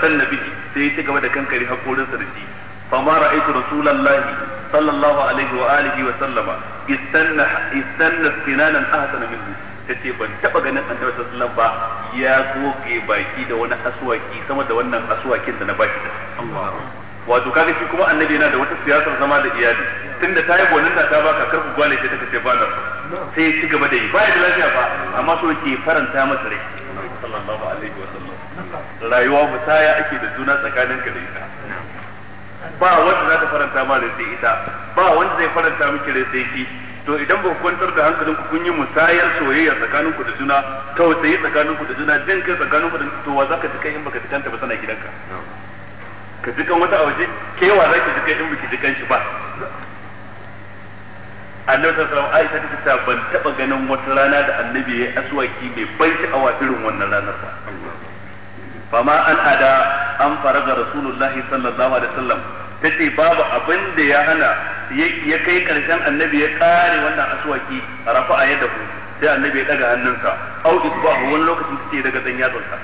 san nabi sai ya ci gaba da kankari hakorin sa da shi fama ra'aytu rasulallahi sallallahu alaihi wa alihi wa sallama istanna istanna sinanan ahsana minhu tace ban taba ganin annabi sallallahu ba ya goge baki da wani aswaki sama da wannan aswakin da na baki da Allah wato kaga shi kuma annabi yana da wata siyasar zama da iyali tunda ta yi da ta baka kar ku gwale ta kace ba nan sai ya ci gaba da yi ba ya da lafiya ba amma so yake faranta masa rai sallallahu alaihi wasallam rayuwa musaya ake da juna tsakanin ka da ita ba wanda za ta faranta ma da sai ita ba wanda zai faranta miki rai sai ki to idan ba ku kwantar da hankalin ku kun yi musayar soyayya tsakanin ku da juna tausayi tsakanin ku da juna jin kai tsakanin ku da to wa zaka ji kai in baka tantance ba sana gidanka ka kan wata a waje kewa za ki jikan in biki jikan shi ba annabi sallallahu alaihi wasallam aisha ta ban taba ganin wata rana da annabi ya aswaki mai ban awa irin wannan ranar ba fama an ada an faraga rasulullahi sallallahu alaihi wasallam ta ce babu abin da ya hana ya kai karshen annabi ya kare wannan aswaki rafa'a ya dafu sai annabi ya daga hannunsa au ba wani lokacin ta daga zan yatsunsa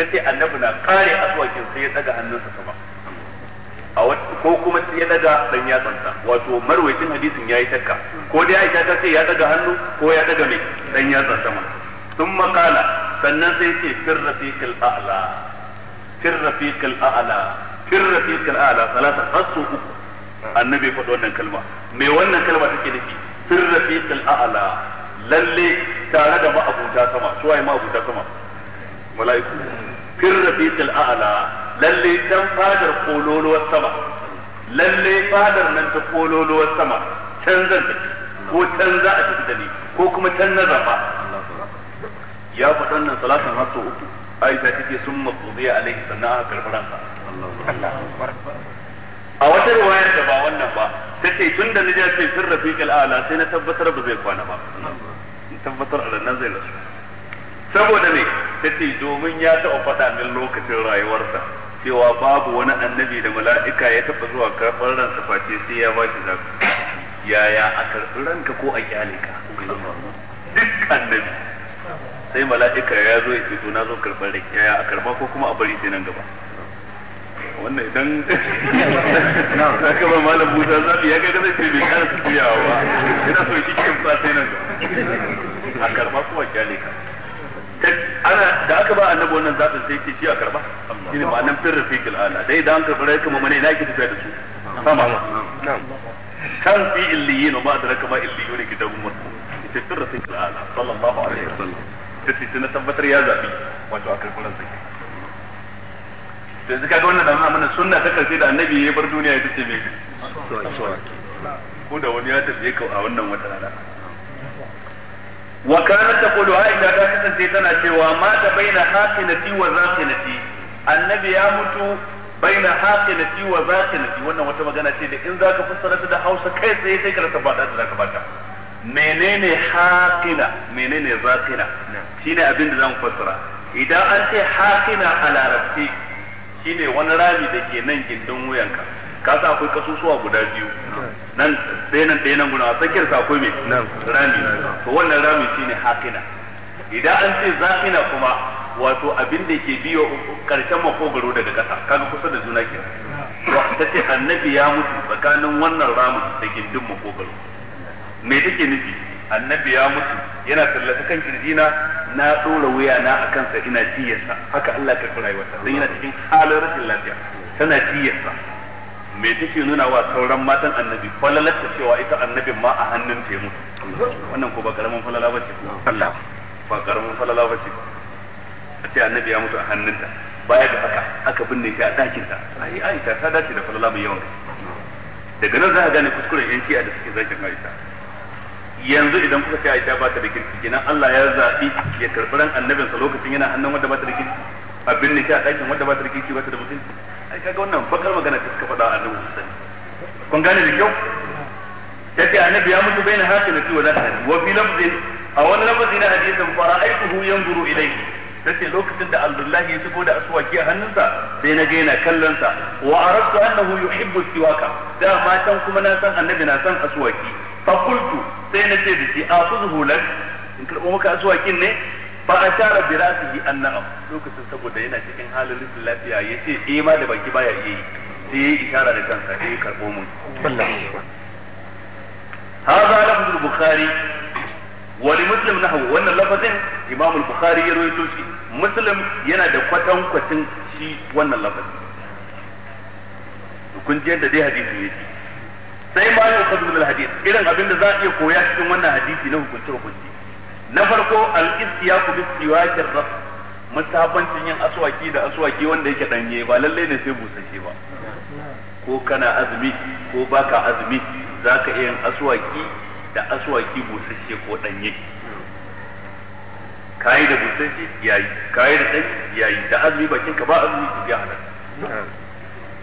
ta ce annabi na kare aswakin sai ya daga hannunsa sama ko kuma ya daga dan ya tsanta wato marwayin hadisin yayi takka ko dai Aisha ta ce ya daga hannu ko ya daga mai dan tsanta ma sun makala sannan sai ce fir rafiqil a'la fir rafiqil a'la fir rafiqil a'la salatan fasu uku annabi faɗi wannan kalma me wannan kalma take nufi fir rafiqil a'la lalle tare da ma'abuta sama suwaye ma'abuta sama mala'iku fir rafiqil a'la lalle can fadar kololuwar sama lalle fadar nan ta kololuwar sama can zan tafi ko can za a tafi da ni ko kuma can na zaba ya faɗa nan salatan har sau uku Aisha take sun matsubiya alaihi sannan aka karɓaransa a wata ruwayar da ba wannan ba ta ce tun da na ce sun rafiƙil a'la sai na tabbatar ba zai kwana ba tabbatar a nan zai rasu saboda ne ta ce domin ya taɓa faɗa min lokacin rayuwarsa cewa babu wani annabi da mala'ika ya taɓa zuwa karɓar ransa face sai ya ba shi zaka yaya a karɓi ranka ko a kyale ka duk annabi sai mala'ika ya zo ya ce to na zo karɓar rai yaya a karɓa ko kuma a bari sai nan gaba wannan idan za ka ba malam Musa zafi ya gaga zai ce bai kara su juyawa ba yana so shi ba sai nan gaba a karɓa ko a kyale ka ana da aka ba annabi wannan zaɓin sai ce shi a karba shi ne ma'anan fin dai idan an mamane na yake tafiya da su sama kan fi illiyin ba da raka umar ita fin sallallahu alaihi ta ce na tabbatar ya zaɓi wato a karɓi ransa da zika wannan mana sunna ta da annabi ya bar duniya ya tace me ko da wani ya ka a wannan wata rana wa kanat taqulu aisha ta kasance tana cewa mata baina haqinati wa zaqinati annabi ya mutu baina haqinati wa zaqinati wannan wata magana ce da in zaka fassara ta da Hausa kai tsaye sai ka rasa ba da zaka bata menene haqina menene zaqina shine abin da zamu fassara idan an ce haqina a larabci shine wani rami da ke nan gindin wuyanka ka sa akwai kasusuwa guda biyu nan sai nan ɗaya nan gudun a tsakiyar sako mai rami to wannan rami shine haƙina idan an ce zafina kuma wato abin da ke biyo karshen makogaro daga ƙasa kaga kusa da juna ke ta ce annabi ya mutu tsakanin wannan ramin da gindin makogaro me take nufi annabi ya mutu yana tallata kan kirjina na ɗora wuya na a kansa ina jiyarsa haka Allah ka kura ta don yana cikin halin rashin lafiya tana jiyarsa me take nuna wa sauran matan annabi falalarta cewa ita annabin ma a hannun ta mutu wannan ko ba karamin falala ba ce ba karamin falala ba ce a ce annabi ya mutu a hannunta baya da haka aka binne shi a ɗakin ta ai ai ta dace da falala mai yawan daga nan za a gane kuskuren yan shi'a da suke zakin aisha yanzu idan kuka ce aisha ba ta da kirki kenan Allah ya zaɓi ya karɓi ran annabinsa lokacin yana hannun wanda ba ta da kirki a binne shi a ɗakin wanda ba ta da kirki ba ta da mutunci ai kaga wannan bakar magana ta suka faɗa annabi sani kun gane da kyau yace annabi ya mutu baina hasilati wa lahadi wa fi lafzin a wani lafazi na hadisin fara aikuhu ilai. Ta ce lokacin da Abdullahi ya shigo da aswaki a hannunsa sai na ga yana kallon sa wa arabtu annahu yuhibbu siwaka da ma can kuma na san annabi na san aswaki fa sai na ce da shi akhudhu lak in karbo maka aswakin ne fa ashara bi ra'sihi annam lokacin saboda yana cikin halin rashin lafiya yace eh ma da baki baya iya yi sai yayi isharar da kansa sai karbo mu هذا muslim البخاري ولمسلم نحو وان اللفظ امام ya يروي shi muslim yana da kwatan كوتين shi wannan lafazin kun ji yadda dai hadisi ne sai ma yau kazu bil hadisi irin abin da za a iya koya cikin wannan hadisi na hukunci hukunci na farko al-istiyaku bi siwakir raf musabancin yin aswaki da aswaki wanda yake danye ba lalle ne sai busashe ba ko kana azumi ko baka azumi zaka iya yin aswaki da aswaki busashe ko danye kayi da busashe yayi kayi da danye yayi da azumi bakin ka ba azumi ki ga halal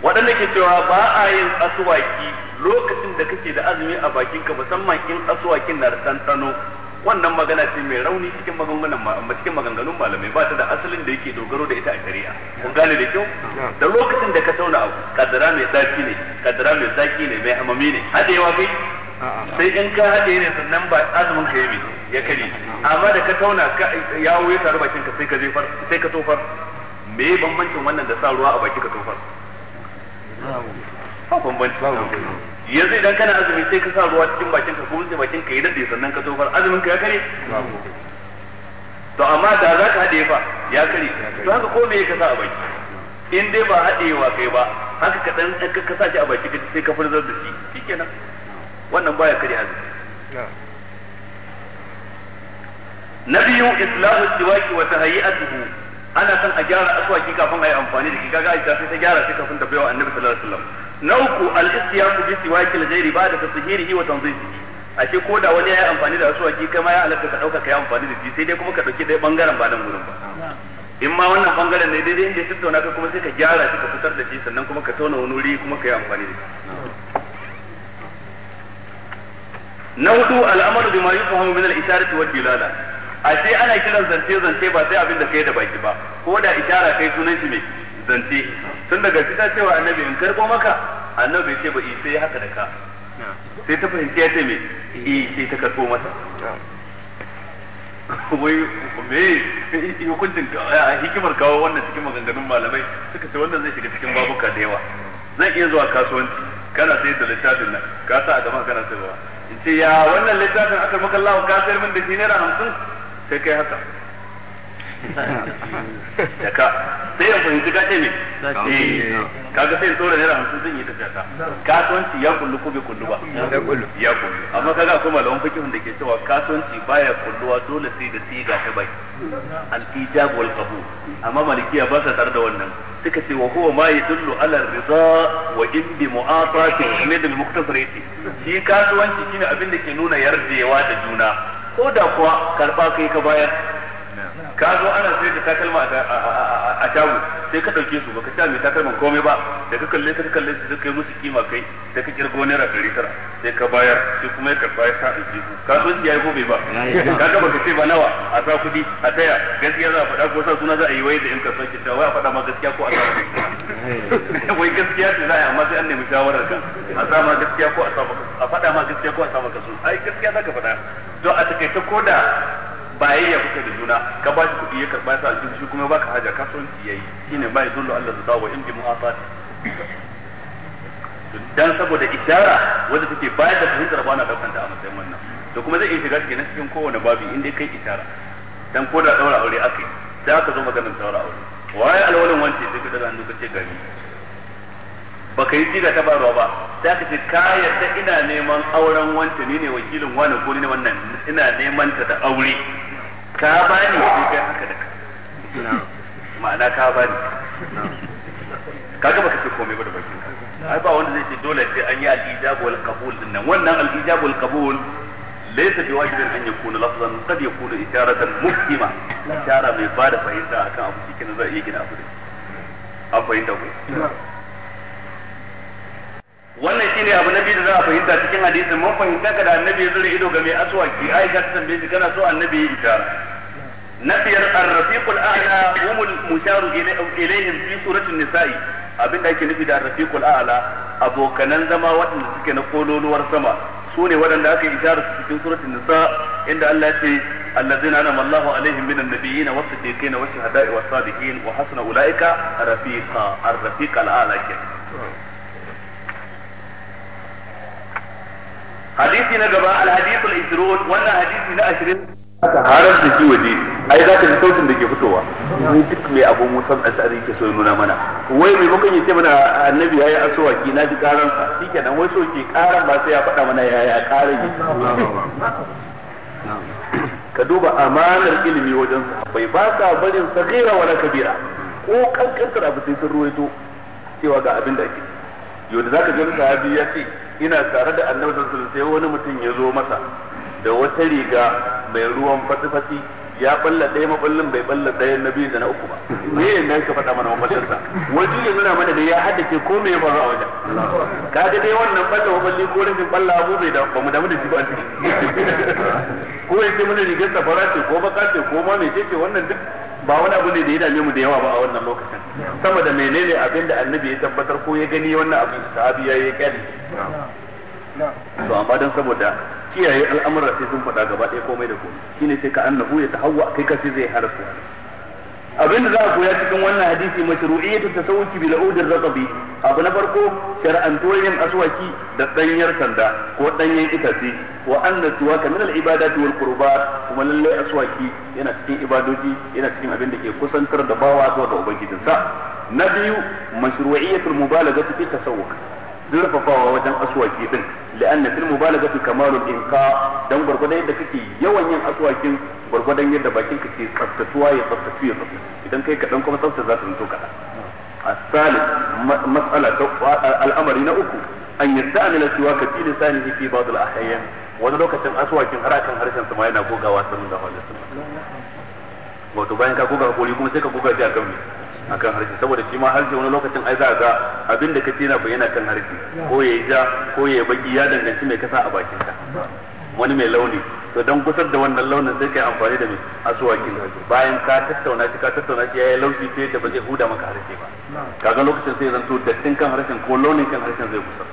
wadanda ke cewa ba a yin aswaki lokacin da kake da azumi a bakin ka musamman in aswakin na da tantano wannan magana ce mai rauni cikin maganganun cikin maganganun malamai ba ta da asalin da yake dogaro da ita a shari'a kun gane da kyau da lokacin da ka tauna abu kadara mai zaki ne kadara mai zaki ne mai hamami ne hadewa kai sai in ka hade ne sannan ba azumin ka yi ya kare amma da ka tauna ka yawo ya taru bakin ka sai ka jefar sai ka tofar me bambancin wannan da sa ruwa a baki ka tofar ba bambanci yanzu idan kana azumi sai ka sa ruwa cikin bakin ka kuma sai bakin ka yi dade sannan ka tofar azumin ka ya kare to amma da za ka haɗe fa ya kare to haka ko me ka sa a baki in dai ba haɗewa kai ba haka ka dan ka sa shi a baki sai ka furzar da shi shikenan wannan baya kare azumi na biyu islahu siwaki wa tahayyatuhu ana san a gyara aswaki kafin a yi amfani da shi kaga aisha sai ta gyara shi kafin ta bayo annabi sallallahu alaihi wasallam na uku al-istiyamu bi siwakil ghairi ba da tasdihihi wa tanzihi ashe ko da wani ya yi amfani da waki kai ma ya alaka ka dauka ka yi amfani da shi sai dai kuma ka dauki dai bangaren ba nan gurin ba in ma wannan bangaren ne daidai inda tattauna ka kuma sai ka gyara shi ka fitar da shi sannan kuma ka tona wani wuri kuma ka yi amfani da shi na hudu al'amaru ma yufahamu min al-isharati wa dilala ashe ana kiran zance zance ba sai abin da kai da baki ba ko da isharar kai sunan shi ne zance tun daga ta cewa annabi in karbo maka annabi ce ba sai ya haka da ka sai ta fahimci ya ce me eh sai ta karbo masa wai me hukuncin hikimar kawo wannan cikin maganganun malamai suka ce wannan zai shiga cikin babuka da yawa zan iya zuwa kasuwanci kana sai da littafin nan ka sa a gaba kana sayarwa in ce ya wannan littafin aka maka Allah ka sayar min da shi naira hamsin sai kai haka da ka sai ya fahimci ka ce me eh, kaga sai tsora naira hamsin zan yi tafiya ta kasuwanci ya kullu ko bai kullu ba ya kullu amma kaga akwai malaman fikihun da ke cewa kasuwanci baya kulluwa dole sai da siga ta bai al-ijab wal qabul amma malikiya ba sa tare da wannan suka ce wa huwa ma yadullu ala ar-ridha wa indi mu'atati ne da muktasar yace shi kasuwanci shine abin da ke nuna yarjewa da juna ko da kuwa karba kai ka bayar ka zo ana sai da takalma a shago sai ka ɗauke su baka sha mai takalman komai ba da ka kalle ka kalle su kai musu kima kai da ka kirgo naira ɗari tara sai ka bayar sai kuma ya karɓa ya sa a jihu ka zo ya yi gobe ba ka ga baka ce ba nawa a sa kuɗi a taya gaskiya za a faɗa ko sa suna za a yi wai da yan kasuwa ke wai a faɗa ma gaskiya ko a sa wai gaskiya ce za a yi amma sai an nemi shawarar kan a sa ma gaskiya ko a sa a faɗa ma gaskiya ko a sa maka su ai gaskiya za ka faɗa don a takaita ta koda bayayya kuka da juna ka ba shi kuɗi ya karɓa sa aljihu shi kuma baka haja kasuwanci yayi ne ba ya dullu Allah zuwa wa bi mu'afati dan saboda ishara wanda take bayar da fahimtar ba na daukan ta a matsayin wannan to kuma zai iya shiga cikin cikin kowane babu inda kai ishara dan ko da daura aure akai sai aka zo maganar daura aure waye alwalin wance sai ka daga hannu ka ce gari baka yi siga ta barwa ba sai ka ce ka yarda ina neman auren wance ni ne wakilin wani ko ni ne wannan ina neman ta da aure ka bani sai kai haka da ka ma'ana ka bani kaga baka ce komai ba da bakin ka ai ba wanda zai ce dole sai an yi al-ijab wal qabul din nan wannan al-ijab wal qabul laysa bi wajibin an yakuna lafzan qad yakuna isharatan mufhima ishara mai bada fahimta akan abu cikin zai iya gina abu da an fahimta ku wannan shine abu nabi da za a fahimta cikin hadisin mun fahimta kada annabi ya zura ido ga mai aswaki Aisha ta tambaye shi kana so annabi ya isharar na biyar ar-rafiqul a'la humul musharu ilayhim fi suratul nisa'i abin da ake nufi da ar-rafiqul a'la abokanan zama waɗanda suke na kololuwar sama su ne waɗanda aka isharar su cikin suratul nisa inda Allah ce allazina anama Allahu alaihim minan nabiyyin was siddiqin was shuhada'i was salihin wa hasuna ulaika rafiqa ar-rafiqul a'la hadisi na gaba al-hadithul 20 wannan hadisi na 20 aka harar da shi waje ai za ka ji sautin da ke fitowa ni duk mai abu musan al'adari ke so nuna mana wai mai mukan yace mana annabi yayi asuwaki, na ji karan sa shikenan wai so ke karan ba sai ya faɗa mana yaya karan ka duba amanar ilimi wajen bai ba sa barin sagira wala kabira ko kankantar abu sai sun ruwaito cewa ga abin da ake yau da zaka ji wani sahabi ya ce ina tare da annabi sallallahu alaihi wasallam sai wani mutum ya zo masa da wata riga mai ruwan fatifati ya balla ɗaya maballin bai balla ɗaya na biyu da na uku ba me ne nan ka faɗa mana maballinsa wani ne nuna mana da ya haddace ko me ya faru a wajen K'a ga dai wannan balla maballi ko rufin balla abu bai da ba mu damu da shi ba a ciki ko ya ce mana rigar safara ce ko baka ce ko ma mai ce wannan duk ba wani abu ne da ya dame mu da yawa ba a wannan lokacin sama da menene abin da annabi ya tabbatar ko ya gani wannan abu sahabi ya yi kyali to amma don saboda kiyaye al'amura sai sun faɗa gaba ɗaya komai da komai shine sai ka annahu ya tahawwa kai ka sai zai harsu abin da za a koya cikin wannan hadisi mashru'iyyatu tasawwuki bil udir raqabi abu na farko shar'antuwar yin aswaki da danyar sanda ko danyen itace wa anna suwaka min al ibadati wal kuma lalle aswaki yana cikin ibadoji yana cikin abin da ke kusantar da bawa zuwa ga ubangijinsa na biyu mashru'iyyatul mubalaghati fi tasawwuk zurfafawa wajen aswaki din la'anna fil mubalaghati kamalul inqa dan gurgurdan yadda kake yawan yin aswakin gurgurdan yadda bakin ka ke tsaftatuwa ya tsaftatu ya tsaftatu idan kai kadan kuma tsafta za ta al'amari na uku an الأمر نأكو أن يستعمل السواك في لسانه في بعض الأحيان wani lokacin aswakin har akan harshen sama yana gogawa sallallahu alaihi wasallam wato bayan ka goga hakuri kuma sai ka goga shi akan mai akan harshe saboda shi ma harshe wani lokacin ai za ga abin da kace yana bayyana kan harshe ko ya ja ko ya baki ya danganci mai kasa a bakin ka wani mai launi to dan gusar da wannan launin sai kai amfani da mai asuwakin bayan ka tattauna shi ka tattauna shi yayi laushi sai da ba zai huda maka harshe ba kaga lokacin sai zanto dattin kan harshen ko launin kan harshen zai gusar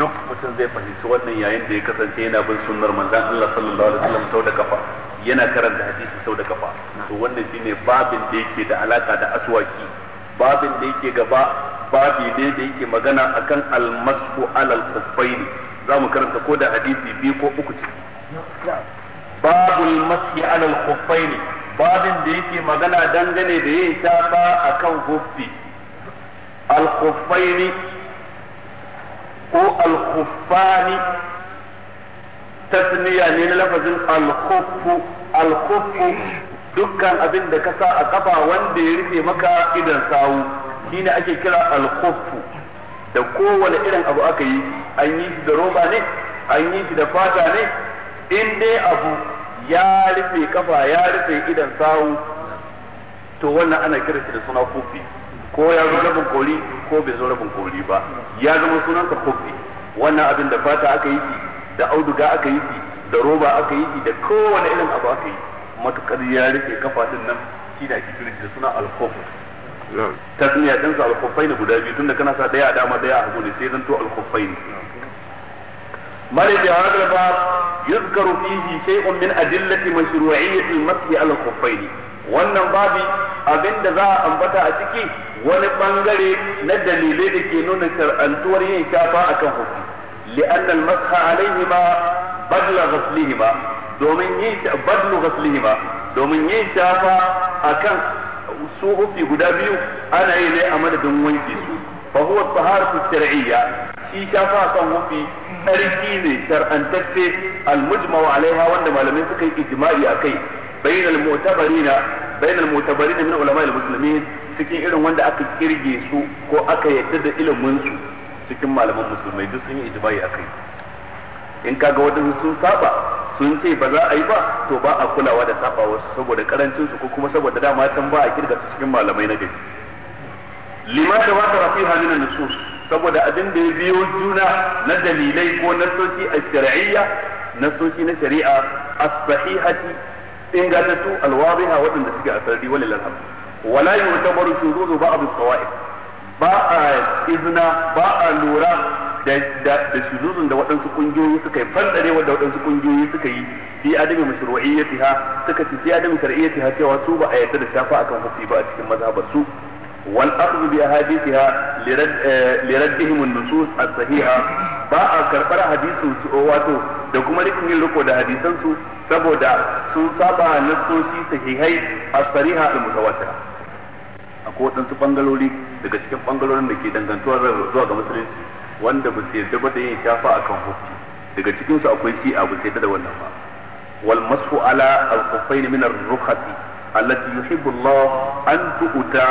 duk mutum zai fahimci wannan yayin da ya kasance yana bin sunnar manzon Allah sallallahu alaihi wasallam sau da kafa yana karanta hadisi sau da kafa to wannan shine babin da yake da alaka da aswaki babin da yake gaba babi ne da yake magana akan almasku alal kuffaini za mu karanta ko da hadisi biyu ko uku ce babul mashi alal kuffaini babin da yake magana dangane da yin shafa akan huffi al kuffaini ko alkufani tasniya ne na lafazin alkufu alkufu dukkan abin da ka sa a kafa wanda ya rufe maka idan sawu shine ake kira alkufu da kowane irin abu aka yi an yi shi da roba ne an yi shi da fata ne in dai abu ya rufe kafa ya rufe idan sawu to wannan ana kira shi da suna kufi ko ya zo rabin koli ko bai zo rabin koli ba ya zama sunan ka kofi wannan abin da fata aka yi shi da auduga aka yi shi da roba aka yi shi da kowane irin abu aka yi matukar ya rufe kafa din nan shi da ake da suna alkofu duniya din su alkofai ne guda biyu tunda kana sa daya a dama daya a hagu ne sai zan to alkofai ne mare da hadar ba yuzkaru fihi shay'un min adillati mashru'iyyati al-mas'i al-khuffaini wannan babi abinda za a ambata a ciki wani bangare na dalilai da ke nuna shar'antuwar yin shafa akan hukum li'anna al-masha alaihima badla ghaslihima domin yin badlu domin yin shafa akan su hufi guda biyu ana yi ne a madadin wanke su fa huwa taharatu shar'iyya shi shafa akan hufi tsarki ne shar'antacce al-mujma'u alaiha wanda malamai suka yi ijma'i akai بين المعتبرين بين المعتبرين من علماء المسلمين cikin irin wanda aka kirge su ko aka yadda da iliminsu su cikin malaman musulmai duk sun yi ijma'i akai in kaga wadansu sun saba sun ce ba za a yi ba to ba a kulawa da saba wasu saboda karancin su ko kuma saboda dama tan ba a kirga su cikin malamai na gari lima da wata rafi min nusus saboda abin da ya biyo juna na dalilai ko nasoci a shari'iyya nasoci na shari'a as-sahihati ingantattu alwadiha waɗanda suke a sarari wani lalham wala yi wata baru shuruzu ba abu tsawai ba a izina ba a lura da shuzuzun da waɗansu ƙungiyoyi suka yi fandarewa da waɗansu ƙungiyoyi suka yi fi adami mashru'iyyatiha suka ci fi adami shar'iyyatiha cewa su ba a yarda da shafa akan hukumi ba a cikin mazhabar su والأخذ بأحاديثها لرد لردهم النصوص الصحيحة باء كربر حديث واتو da kuma rikin yin riko da hadisan su saboda sun saba nassoshi sahihai a sariha al mutawatira akwai waɗansu bangalori daga cikin bangarorin da ke dangantuwa zuwa ga musulunci wanda ba su yarda ba da yin shafa akan hukunci daga cikin su akwai shi a ba su da wannan ba wal masfu ala al khuffain min ar rukhati التي يحب الله أن تؤتى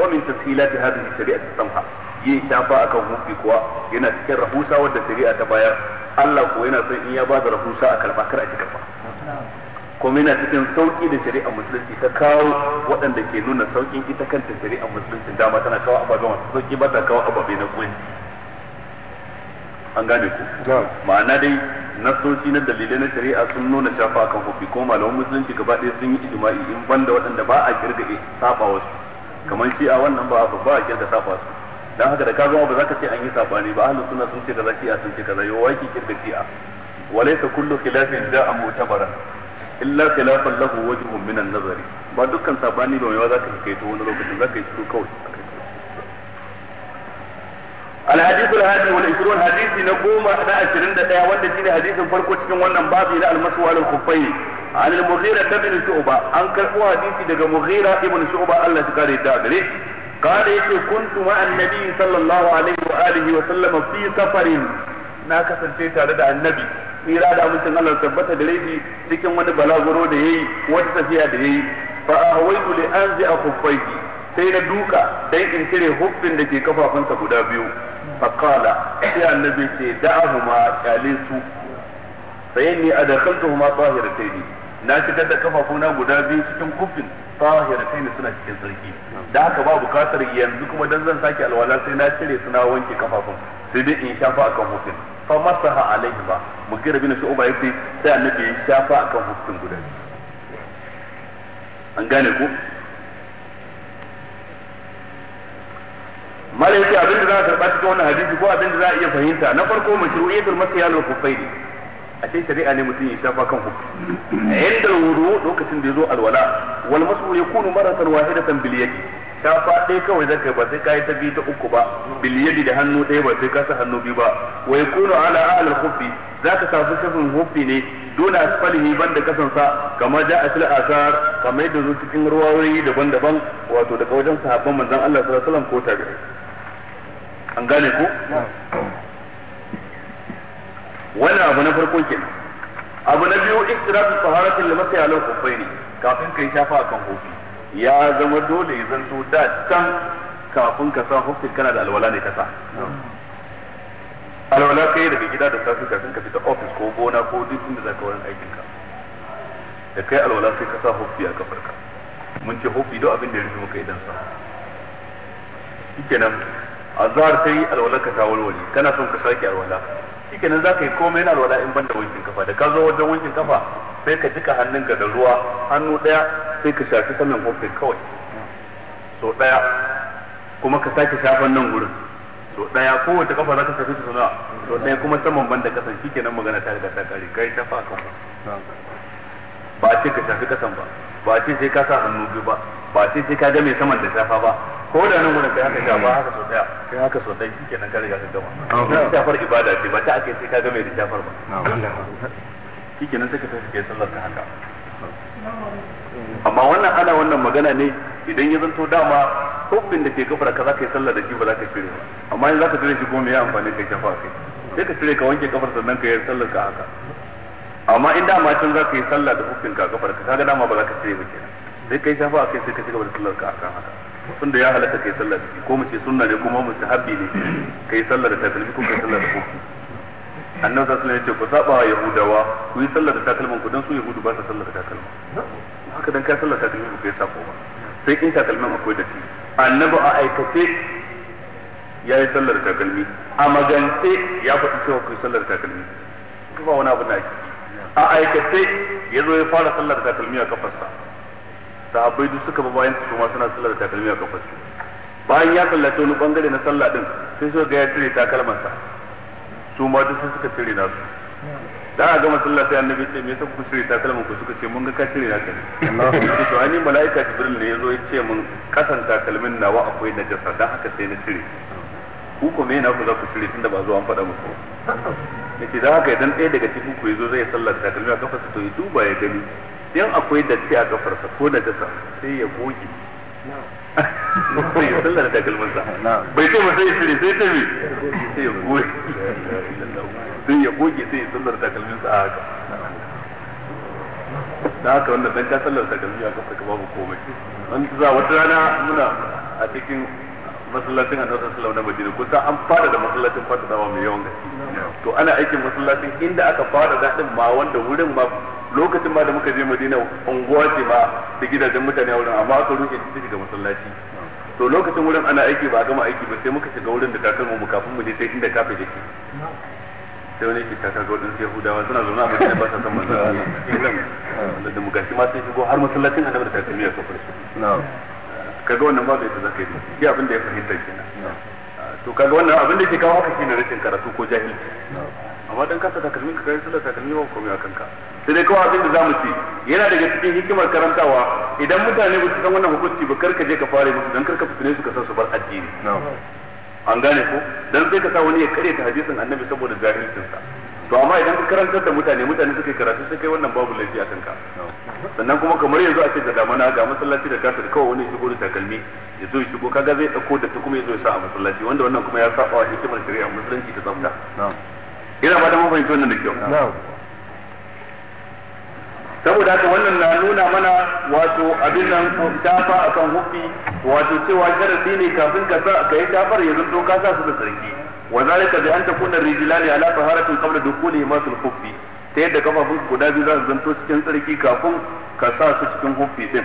ومن تسهيلات هذه الشريعة السمحة yin shafa akan hufi kuwa yana cikin rahusa wadda shari'a ta baya Allah ko yana son in ya ba da rahusa a karba kar a ci karba kuma yana cikin sauki da shari'a musulunci ta kawo waɗanda ke nuna saukin ita kanta shari'a musulunci dama tana kawo ababen masu sauki ba ta kawo ababe na kunci an gane ku ma'ana dai nasoci na dalilai na shari'a sun nuna shafa kan hufi ko malaman musulunci gaba ɗaya sun yi ijma'i in banda waɗanda ba a kirga saba wasu kamar shi a wannan ba ba a kirga saba su dan haka da ka zo ba za ka ce an yi sabani ba ahlus sunna sun ce kaza shi'a sun ce kaza yau waki kirga shi'a walaysa kullu khilafin da'a mu'tabaran illa khilafan lahu wajhun min an-nazari ba dukkan sabani ba mai za ka kai to wani lokacin za ka yi shiru kawai الحديث الهادي والعشرون حديث نقوم أنا عشرين دقيقة وانت تيني حديث فرقو تكون وانا بابي إلى المسوى على الخفين عن المغيرة بن شعبة عن كرقو حديث دقى مغيرة ابن شعبة الله تقاري الدابري قال يتي كنت مع النبي صلى الله عليه وآله وسلم في سفر ناكا سنتيت على النبي tsira da amincin Allah tabbata da laifi cikin wani balaguro da yayi wata tafiya da yayi fa ahwaitu li anzi akhuffaihi sai na duka dan in cire hubbin da ke kafafunsa guda biyu faqala sai annabi ce da'ahuma qalisu fa inni adkhaltuhuma ne. na shiga da kafafuna guda biyu cikin kuffin ne suna cikin sarki da haka ba bukatar yanzu kuma dan zan sake alwala sai na cire suna wanke kafafun sai dai in shafa akan hufin fa masaha alaihi ba mugira bin su ubayi sai annabi ya shafa akan hufin guda an gane ku malai yake abin da za a karɓa cikin wannan hadisi ko abin da za a iya fahimta na farko mai shiru iya mashru'iyatul masya kufai ne a ce shari'a ne mutum ya shafa kan a yadda wuru lokacin da ya zo alwala wal masu ya kunu maratan da san biliyadi shafa ɗaya kawai zaka ba sai kayi ta biyu ta uku ba biliyadi da hannu ɗaya ba sai ka sa hannu biyu ba wai kunu ala al za ka safi shafin hofi ne duna asfalihi da kasansa kamar da asil asar kamar yadda zo cikin ruwayoyi daban-daban wato daga wajen sahabban manzon Allah sallallahu alaihi ko tabi'i an gane ku wannan abu na farko kenan abu na biyu iktiratu taharatin limasa yalon kofai ne kafin kai shafa akan hofi ya zama dole ya zanto da can kafin ka sa hofin kana da alwala ne ka sa alwala yi daga gida da safi kafin ka fita ofis ko gona ko duk inda ka wurin aikin ka da kai alwala sai ka sa hufi a kafarka mun ce hufi don abin da ya rufe maka idan sa shikenan azhar sai alwala ka ta walwali kana son ka sake alwala shikenan za ka yi komai na alwala in banda wankin kafa da ka zo wajen wankin kafa sai ka jika hannunka da ruwa hannu daya sai ka shafi saman kofin kawai so daya kuma ka sake shafan nan gurin so daya kowace kafa za ka shafi ta sana'a so daya kuma saman banda kasan shikenan magana ta riga ta kare kai ta fa kan ba a ce ka shafi kasan ba ba a ce sai ka sa hannu biyu ba ba sai sai ka ga mai saman da safa ba ko da nan wurin kai haka ba haka so daya kai haka so dai nan ka riga ka gama safar ibada ce ba ta ake sai ka ga mai da shafar ba shikenan sai ka tafi kai sallar ka haka amma wannan ana wannan magana ne idan ya zanto dama hukumin da ke kafara ka zaka yi sallah da shi ba za ka cire ba amma in zaka ka shi goma ya amfani kai shafa kai sai ka cire ka wanke kafar sannan ka yi sallar ka haka amma in dama tun zaka yi sallah da hukumin ka kafar ka kaga dama ba zaka ka cire ba kenan sai kai shafa kai sai ka shiga wani da sallar ka akan haka tunda ya halatta kai sallar da ko mu ce sunna ne kuma mu ci habbi ne kai sallar da takalmi ko kai sallar da kofi annabi sallallahu alaihi wasallam ya ce ku saba wa yahudawa ku yi sallar da takalmin ku dan su yahudu ba su sallar da takalmin haka dan kai sallar da takalmin ku kai sako ba sai kin takalmin akwai da shi annabi a aikace ya yi sallar takalmi a magance ya faɗi cewa ku yi sallar takalmi ba wani abu na a aikace ya zo ya fara sallar takalmi a kafarsa sahabbai duk suka bayan su kuma suna sallar takalmi a kafar su bayan ya sallace wani bangare na sallah din sai suka ga ya cire takalmansa su ma duk sai suka cire nasu da a gama sallah sai annabi ce me yasa kuka cire takalman ku suka ce mun ga ka cire naka ne Allahu to ani malaika jibril ne yazo ya ce mun kasan takalmin nawa akwai najasa dan haka sai na cire ku ko me na ku za ku cire tunda ba zo an faɗa muku yace da haka idan ɗaya daga cikin ku yazo zai sallar takalmi a kafa to ya duba ya gani in akwai datti a kafarsa ko da dasa sai ya goge sai ya sallar da kalmansa bai ce ba sai ya shiri sai ta bi sai ya goge sai ya goge sai ya sallar da kalmansa a haka da haka wanda dan ka sallar da kalmi a kafa ka babu komai an za wata rana muna a cikin masallacin annabi sallallahu alaihi wasallam ko kusa an fada da masallacin fata da mai yawan gaske to ana aikin masallacin inda aka fada da ma wanda wurin ma lokacin ma da muka je madina unguwa ce ma da gidajen mutane a wurin amma aka rufe ta shiga masallaci to lokacin wurin ana aiki ba gama aiki ba sai muka shiga wurin da kakar mu kafin mu je sai inda kafe yake sai wani ke kaka ga wadansu yahudawa suna zaune a madina ba sa san manzon da muka shi ma sai shigo har masallacin annabi da takalmi ya kafar su kaga wannan ba zai ta zaka yi shi abin da ya fahimta kenan to kaga wannan abin da ke kawo haka shine rashin karatu ko jahilci amma dan kasa takalmi ka kai sallar takalmi ba komai a kanka sai dai kawai abin da zamu ci yana daga cikin hikimar karantawa idan mutane ba su san wannan hukunci ba karka je ka fara musu dan karka fitine su ka san su bar addini an gane ko dan sai ka sa wani ya kare ta hadisin annabi saboda sa to amma idan ka karantar da mutane mutane suka karatu sai kai wannan babu laifi a kanka sannan kuma kamar yanzu a ce da damana ga masallaci da da kawai wani shigo da takalmi ya zo ya shigo kaga zai dauko da ta kuma ya zo ya sa a masallaci wanda wannan kuma ya saba wa hikimar shari'a musulunci ta tsafta ina da mun fahimci wannan da kyau saboda haka wannan na nuna mana wato abin nan tafa akan hufi wato cewa sharadi ne kafin ka sa ka yi tafar ya zanto ka sa su da sarki wa zalika bi an takuna rijlani ala taharatin qabla dukhuli masul hukki ta yadda kafafun guda biyu za su zanto cikin sarki kafin ka sa su cikin hufi din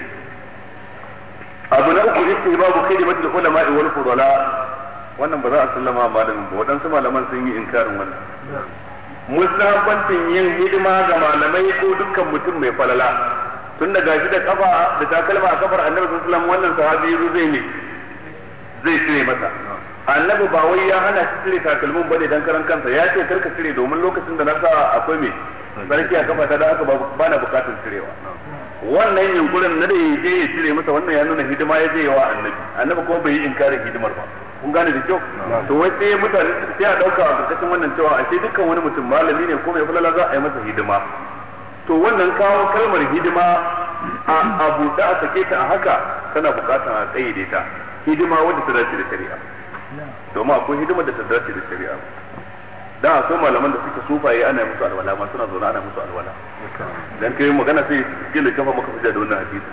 abu na uku istihbabu khidmatul ulama wal fudala wannan ba za a sallama da ba waɗansu malaman sun yi inkarin wannan mustahabbancin yin hidima ga malamai ko dukkan mutum mai falala tun da gashi da kafa da takalma a kafar annabi sallallahu alaihi wasallam wannan sahabi yazo zai ne zai cire masa annabi ba wai ya hana shi cire takalmin bane dan karan kansa ya ce karka cire domin lokacin da na sa akwai mai sarki a kafa ta da aka ba na bukatar cirewa wannan yunkurin na da ya je ya cire masa wannan ya nuna hidima ya je wa annabi annabi kuma bai yi inkarin hidimar ba kun gane da kyau to wai sai mutane sai a dauka a cikin wannan cewa a sai dukkan wani mutum malami ne ko mai falala za a yi masa hidima to wannan kawo kalmar hidima a abu da a sake ta a haka tana bukatar a tsaye ta hidima wadda ta dace da shari'a domin akwai hidima da ta dace da shari'a da akwai malaman da suke sufaye ana musu alwala ma suna zaune ana musu alwala dan kai magana sai gina kafa maka hujja da wannan hadisi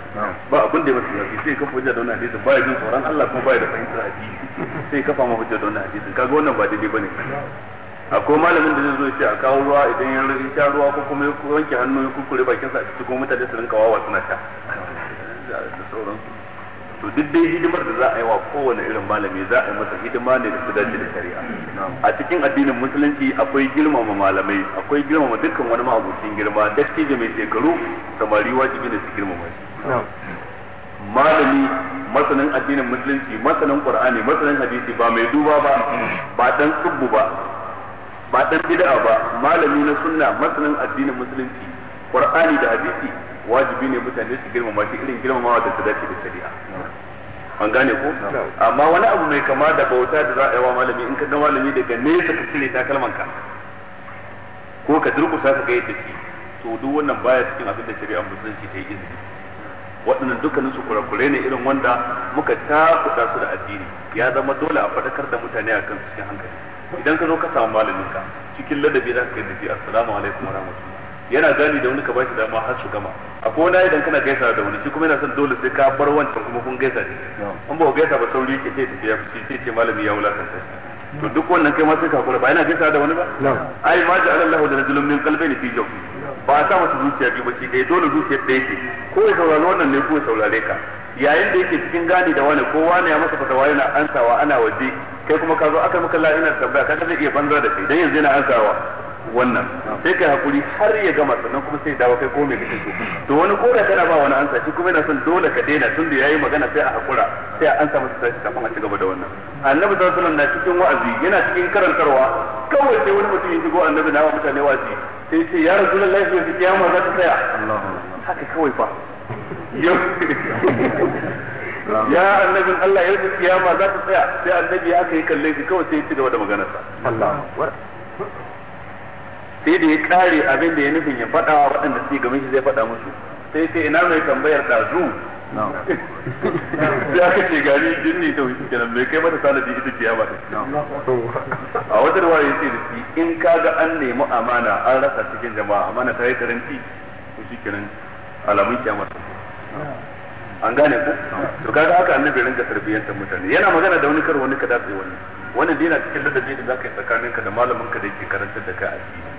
ba abin da ya masa yafi sai kafa hujja da wannan hadisi ba ya jin tsoron Allah kuma ba ya da fahimtar hadisi sai kafa ma hujja da wannan hadisi kaga wannan ba daidai bane akwai malamin da zai zo shi a kawo ruwa idan ya rage sha ruwa ko kuma ya wanke hannu ya kukure bakin sa a cikin mutane su rinka wawa suna sha da sauransu to duk dai hidimar da za a yi wa kowane irin malami za a yi masa hidima ne da su dace da shari'a a cikin addinin musulunci akwai girmama malamai akwai girmama dukkan wani ma'abucin girma dattijo mai shekaru samari wajibi ne su girmama shi malami masanin addinin musulunci masanin qur'ani masanin hadisi ba mai duba ba ba dan tsubbu ba ba dan bid'a ba malami na sunna masanin addinin musulunci qur'ani da hadisi wajibi ne mutane su girmama shi irin girmamawa da ta dace da shari'a an gane ko amma wani abu mai kama da bauta da za a yi wa malami in ka ga malami daga nesa ka cire takalman ka ko ka durkusa ka ga yadda shi to duk wannan baya cikin abin da shari'a musulunci ta yi izini waɗannan dukkanin su kurakure ne irin wanda muka takuɗa su da addini ya zama dole a faɗakar da mutane a kan cikin hankali idan ka zo ka samu malamin ka cikin ladabi za ka yi da shi assalamu alaikum wa rahmatullah yana gani da wani ka bashi dama har su gama akwai wani idan kana gaisa da wani shi kuma yana son dole sai ka bar wancan kuma kun gaisa ne an ba gaisa ba sauri ke sai tafiya shi sai ce malami ya kansa to duk wannan kai ma sai ka kula ba yana gaisa da wani ba ai ma ji Allah da rajulun min qalbayni fi jawfi ba a sa masa zuciya biyu ba shi kai dole zuciyar ɗaya ce ko ya saurari wannan ne ko ya saurare ka yayin da yake cikin gani da wani ko wani ya masa wani na ansawa ana waje kai kuma ka zo aka maka la'ina tambaya ka zai iya banza da kai dan yanzu yana ansawa wannan sai kai hakuri har ya gama sannan kuma sai dawo kai ko me kake so to wani ko da kana ba wani ansa shi kuma yana son dole ka daina tunda yayi magana sai a hakura sai a ansa masa sai kafin a cigaba da wannan annabi sallallahu alaihi wasallam na cikin wa'azi yana cikin karantarwa kawai sai wani mutum ya shigo annabi na mutane wa'azi sai sai ya rasulullahi ya kiyama za ta tsaya haka kawai fa ya annabin Allah ya kiyama za ta tsaya sai annabi ya aka yi kalle shi kawai sai ya cigaba da maganarsa Allah sai da ya kare abin da ya nufin ya faɗa wa waɗanda su game shi zai faɗa musu sai sai ina mai tambayar da zu ya ka ce gani jinni ta wuce kenan bai kai mata sanadi ita ce ya ba a wajen wa ya ce da shi in ka ga an nemi amana an rasa cikin jama'a amana ta yi karanci ko shi kenan alamun kyamar an gane ku to kaga haka annabi rinka tarbiyyantar mutane yana magana da wani karo wani ka datse wani Wani dai cikin ladabi da zaka yi tsakaninka da malamin ka da yake karantar da kai addini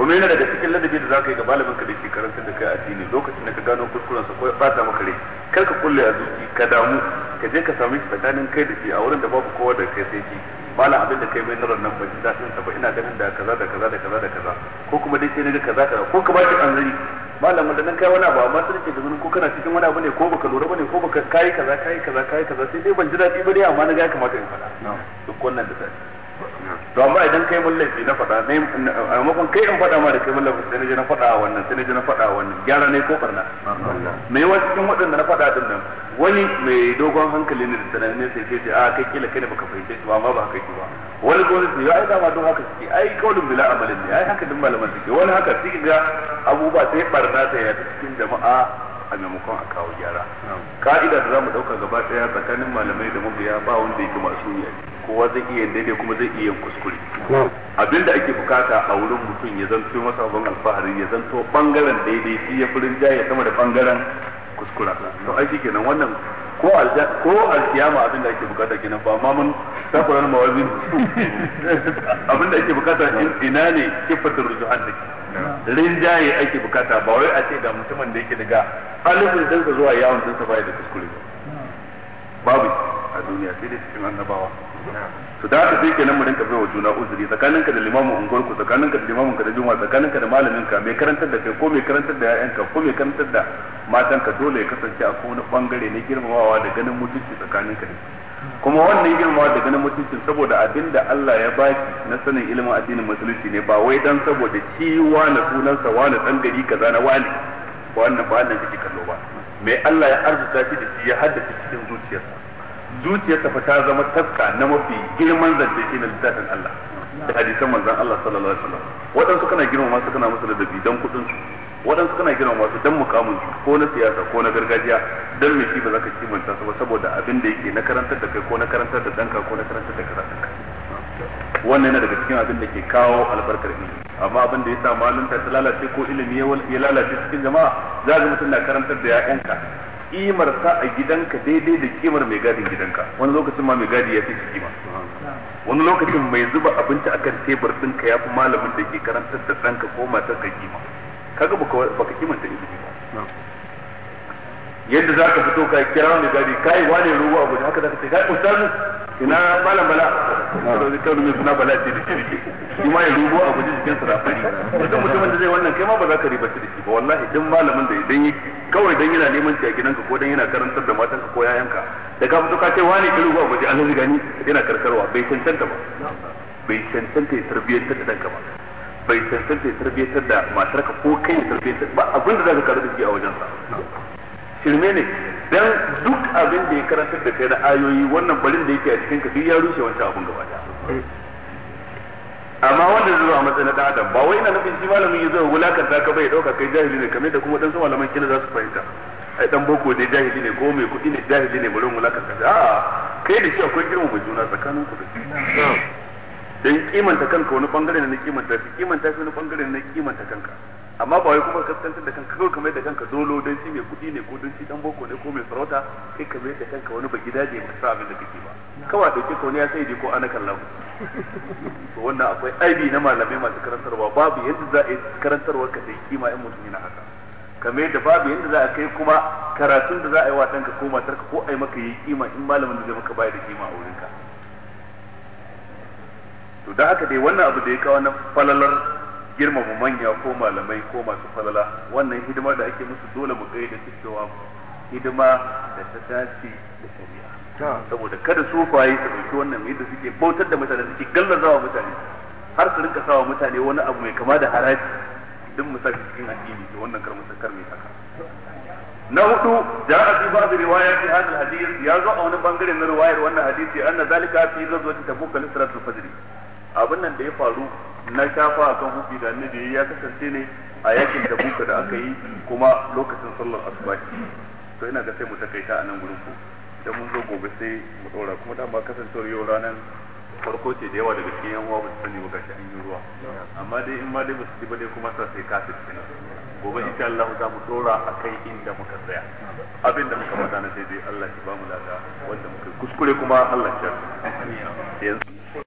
kuma yana daga cikin ladabi da zaka yi ga malamin ka da ke karanta da kai addini lokacin da ka gano kuskuren sa ko ya bata maka rai kar ka kulle a zuci ka damu ka je ka same shi tsakanin kai da shi a wurin da babu kowa da kai sai ki bala abin da kai mai narar nan ban ji sun sa ba ina ganin da kaza da kaza da kaza da kaza ko kuma dai sai da kaza kaza ko ka ba shi anzari malam da nan kai wani abu amma sun ke ganin ko kana cikin wani abu ne ko baka lura bane ko baka kai kaza kai kaza kai kaza sai dai ban ji daɗi ba dai amma na ga kamata in faɗa duk wannan da sai to amma idan kai mun laifi na faɗa ne a makon kai in faɗa ma da kai mun laifi sai na je na faɗa wannan sai na je na faɗa wannan gyara ne ko barna mai wasu cikin waɗanda na faɗa din nan wani mai dogon hankali ne da tunani ne sai sai a kai kila kai ne baka fahimce shi ba amma ba haka yake ba wani ko sai ya ai ma don haka suke ai kaulin bila amalin ne ai haka din malaman suke wani haka suke ga abubuwa sai barna ta ya cikin jama'a a maimakon a kawo gyara ka'ida da za mu ɗauka gaba ɗaya tsakanin malamai da mabiya ba wanda yake masu yi a ciki kowa zai iya daidai kuma zai iya kuskure abinda ake bukata a wurin mutum ya zanto masa abin alfahari ya zanto bangaren daidai shi ya furin ya sama da bangaren kuskura to ai kenan wannan ko alja ko alkiyama abinda ake bukata kenan ba ma mun takuran mawazin abinda ake bukata ina ne kifatar rujuhan dake rinjaye ake bukata ba wai a ce ga mutumin da yake daga alifin dinsa zuwa yawon dinsa baya da kuskure babu a duniya sai dai cikin annabawa to da haka sai kenan mu rinka baiwa juna uzuri tsakaninka da limamin unguwar ku tsakaninka da limamin ka da juma tsakaninka da malamin ka mai karantar da kai ko mai karantar da ƴaƴanka ko mai karantar da matanka dole ya kasance a kowane bangare na girmamawa da ganin mutunci tsakaninka da kuma wannan girmamawa da ganin mutunci saboda abinda Allah ya baki na sanin ilimin addinin musulunci ne ba wai dan saboda ciwa na sunansa wani dan gari kaza na wani wannan ba wannan kike kallo ba mai Allah ya arzuta shi da shi ya haddace cikin zuciyarsa zuciyarsa fa ta zama taska na mafi girman zance shi na littafin Allah da hadisan manzon Allah sallallahu alaihi wasallam waɗansu kana girmama su kana musu ladabi dan kuɗin su waɗansu kana girmama su dan mukamin su ko na siyasa ko na gargajiya dan me shi ba zaka kimanta su ba saboda abin da yake na karantar da kai ko na karantar da danka ko na karantar da karatunka wannan yana daga cikin abin da ke kawo albarkar ilimi amma abin da ya sa malunta ta lalace ko ilimi ya lalace cikin jama'a za ga mutum na karantar da 'ya'yanka kimar sa a gidanka daidai da kimar mai gadin gidanka wani lokacin ma mai gadi ya fi kima wani lokacin mai zuba abinci akan tebur ɗinka ya fi malamin da ke karantar da ɗanka ko matar ka kima kaga baka kimanta ilimi ba yadda za ka fito ka kira wani gari kai wane ruwa abu da haka za ka ce kai ustazu ina malam bala kan mai suna bala ce da shi ma ya rubo abu da jikin sa mutum mutumin da zai wannan kai ma ba za ka riba da shi ba wallahi dan malamin da idan yi kawai dan yana neman ci a gidanka ko dan yana karantar da matanka ko yayanka da ka fito ka ce wane ka rubo abu da Allah gani yana karkarwa bai cancanta ba bai cancanta ya tarbiyyantar da danka ba bai cancanta ya tarbiyyantar da matarka ko kai ya tarbiyyantar ba abinda za ka karu shi a wajensa shirme ne dan duk abin da ya karantar da kai na ayoyi wannan barin da yake a cikin ka duk ya rushe wancan abin gaba amma wanda zai zo a matsayin dan adam ba wai ina nufin shi malamin ya zo wulakanta ka bai dauka kai jahili ne kamar da kuma dan sama malaman kina za su fahimta ai dan boko ne jahili ne ko mai kudi ne jahili ne bari wulakanta ka a kai da shi akwai mai juna tsakanin ku da dan kimanta kanka wani bangare ne na kimanta shi kimanta shi wani bangare ne na kimanta kanka amma ba wai kuma kaskantar da kanka kawai kamar da kanka dolo don shi mai kudi ne ko don shi dan boko ne ko mai sarauta kai kamar da kanka wani baki daje ba sa abin da kake ba kawai da kike wani ya sai dai ko ana kallon to wannan akwai aibi na malamai masu karantarwa babu yadda za a yi karantarwa ka sai kima in mutum yana haka kamar yadda babu yadda za a kai kuma karatun da za a yi wa ɗanka ko matarka ko a yi maka yi kima in malamin da zai maka bayar da kima a wurinka to da haka dai wannan abu da ya kawo na falalar girmama manya ko malamai ko masu falala wannan hidima da ake musu dole mu kai da cewa hidima da ta dace da shari'a saboda kada su faye su dauki wannan yadda suke bautar da mutane suke gallazawa mutane har su rinka sawa mutane wani abu mai kama da haraji duk misali cikin addini to wannan kar sun mai haka na hudu da a fi ba riwaya fi hadal hadis ya zo a wani bangare na riwayar wannan hadisi anna zalika fi ghazwati ta al-isratul fajr abin nan da ya faru na shafa kan hufi da annabi ya kasance ne a yakin da buka da aka yi kuma lokacin sallar asuba to ina ga sai mu takaita a nan gurin ku idan mun zo gobe sai mu dora kuma dama kasancewar yau ranar farko ce da yawa daga cikin yan uwa ba su sani ba gashi an yi ruwa amma dai in ma dai ba su ji ba dai kuma sa sai kafir kenan gobe insha Allah za mu dora a kai inda muka tsaya abin da muka faɗa na daidai Allah ya ba mu lada wanda muka kuskure kuma Allah ya yanzu